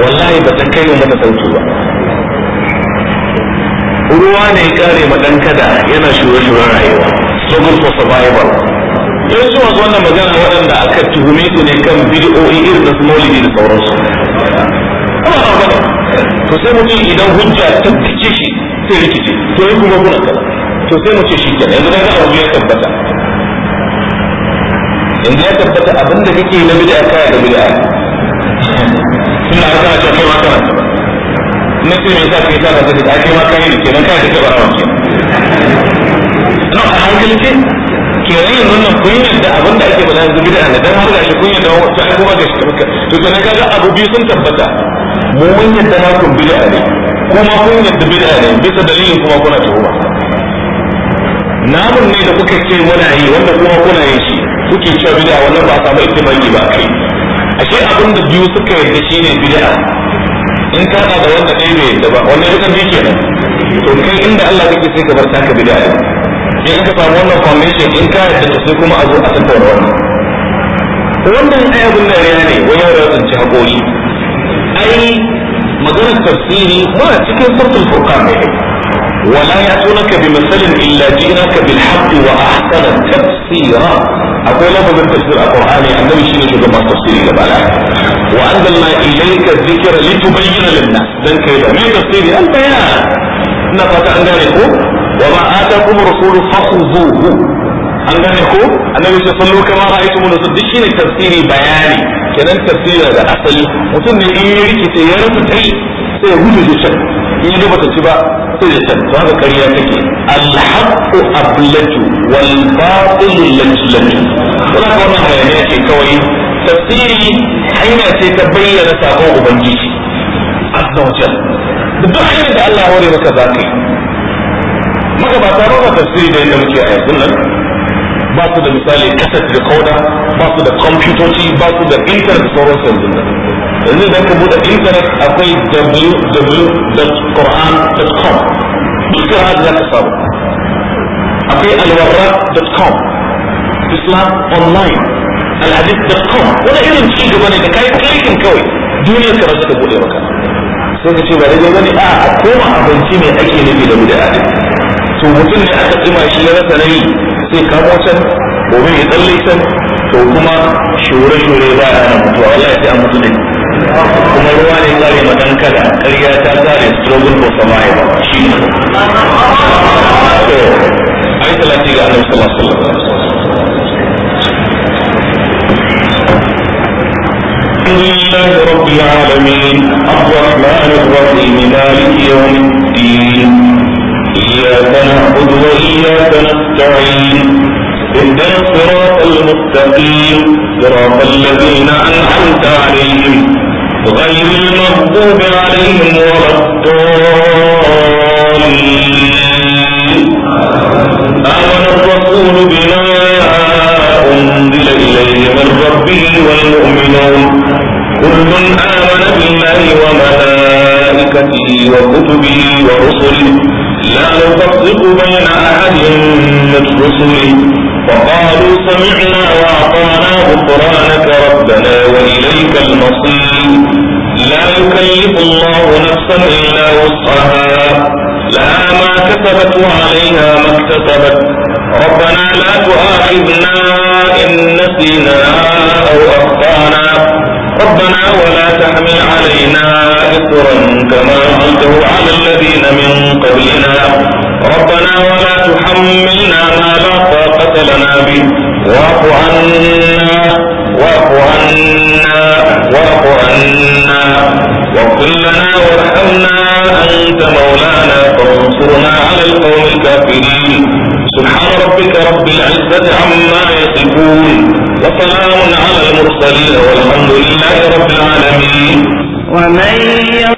wallahi ba ta kai ne mata sauki ba ruwa ne kare ma dan kada yana shure shure rayuwa struggle for survival yanzu wasu wannan magana waɗanda aka tuhume su ne kan bid'o'i irin da su maulidi da sauransu to sai mutum idan hujja ta fice shi sai rikici. to yi kuma kuna kaza to sai mu ce shi kenan yanzu kaga abu ya tabbata yanzu ya tabbata abinda kake na bid'a kaya da bid'a suna da kana cewa kai ma kana na ce me yasa kai ta da kai ma kai ne kenan kai da kai barawa ke no a hankalce kenan yanzu nan kun yadda abin da ake bada yanzu bid'a ne dan har gashi kun yadda wata ai kuma gashi kamar to kenan kaga abu biyu sun tabbata mu mun yadda na kun bid'a ne kuma kun yadda bid'a ne bisa dalilin kuma kuna tuhuma namun ne da kuka ce muna yi wanda kuma kuna yin shi kuke cewa bid'a wannan ba a samu ittifaqi ba kai ashe abin da biyu suka yadda yarda shine bid'a in ka da da wanda kai bai yarda ba wannan dukan biyu nan to kai inda Allah kake sai ka bar taka bid'a in aka samu wannan foundation in ka yadda ta sai kuma a zo a tattauna wannan wannan ai abin da ya ne wani yau da ya tsinci haƙori ai maganar tafsiri ba cikin sarkin furqan ne ولا يأتونك بمثل إلا جئناك بالحق وأحسن تفسيرا أقول لهم من تفسير القرآن أن لم يشين شبه ما تفسيري لبالا وأنزلنا إليك الذكر لتبين للناس ذلك إذا من تفسيري البيان نفى تأنجانكو وما آتاكم الرسول فخذوه أنجانكو أنه يشفلوا كما رأيتم ونصدقين تفسيري بياني كذلك تفسيري هذا أصلي وثم يريك تيارة تحيي سيهدد الشكل in yi ba ci ba sai da can to haka kariya take alhaqqu ablatu wal batil lajlatu to haka wannan ne ce kawai tafsiri hanya ce ta bayyana sakon ubangiji azza wa jalla duk hanyar da Allah hore maka zaka yi maka ba taro ba tafsiri da yadda muke a sunan ba su da misali kasar da kauda ba su da kwamfutoci ba su da intanet da sauransu yanzu da ka buɗe internet akwai www.quran.com dukkan da za ka samu akwai alwarra.com islam online alhadith.com wani irin ci gaba ne da kayan kirkin kawai duniyar ka rasu ka buɗe maka sai ka ce ba daidai ne a a koma abinci ne ake nufi da bid'a a to mutum ne aka tsima shi ya rasa nayi sai kamo can gobe ya tsalle can to kuma shure-shure ba ya mutuwa wallahi sai an mutu ne kuma ruwa ne tsare ma dan kada ƙarya ta tsare struggle for survival shi ne to ai salati ga annabi sallallahu alaihi wasallam لله رب العالمين الرحمن الرحيم مالك يوم الدين إياك نعبد وإياك نستعين اهدنا الصراط المستقيم صراط الذين أنعمت عليهم غير المغضوب عليهم ولا الضالين آمن الرسول بما أنزل إليه من ربه والمؤمنون كل آمن بالله وملائكته وكتبه ورسله لا نفرق بين أحد من رسله فقالوا سمعنا وأعطانا غفرانك ربنا وإليك المصير لا يكلف الله نفسا إلا وسعها لها ما كسبت وعليها ما اكتسبت ربنا لا تؤاخذنا إن نسينا أو أخطأنا ربنا ولا تحمل علينا إصرا كما حملته على الذين من قبلنا ربنا ولا تحملنا ما لا طاقة لنا به واعف عنا واغفر لنا وارحمنا أنت مولانا فانصرنا على القوم الكافرين سبحان ربك رب العزة عما يصفون وسلام على المرسلين والحمد لله رب العالمين ومن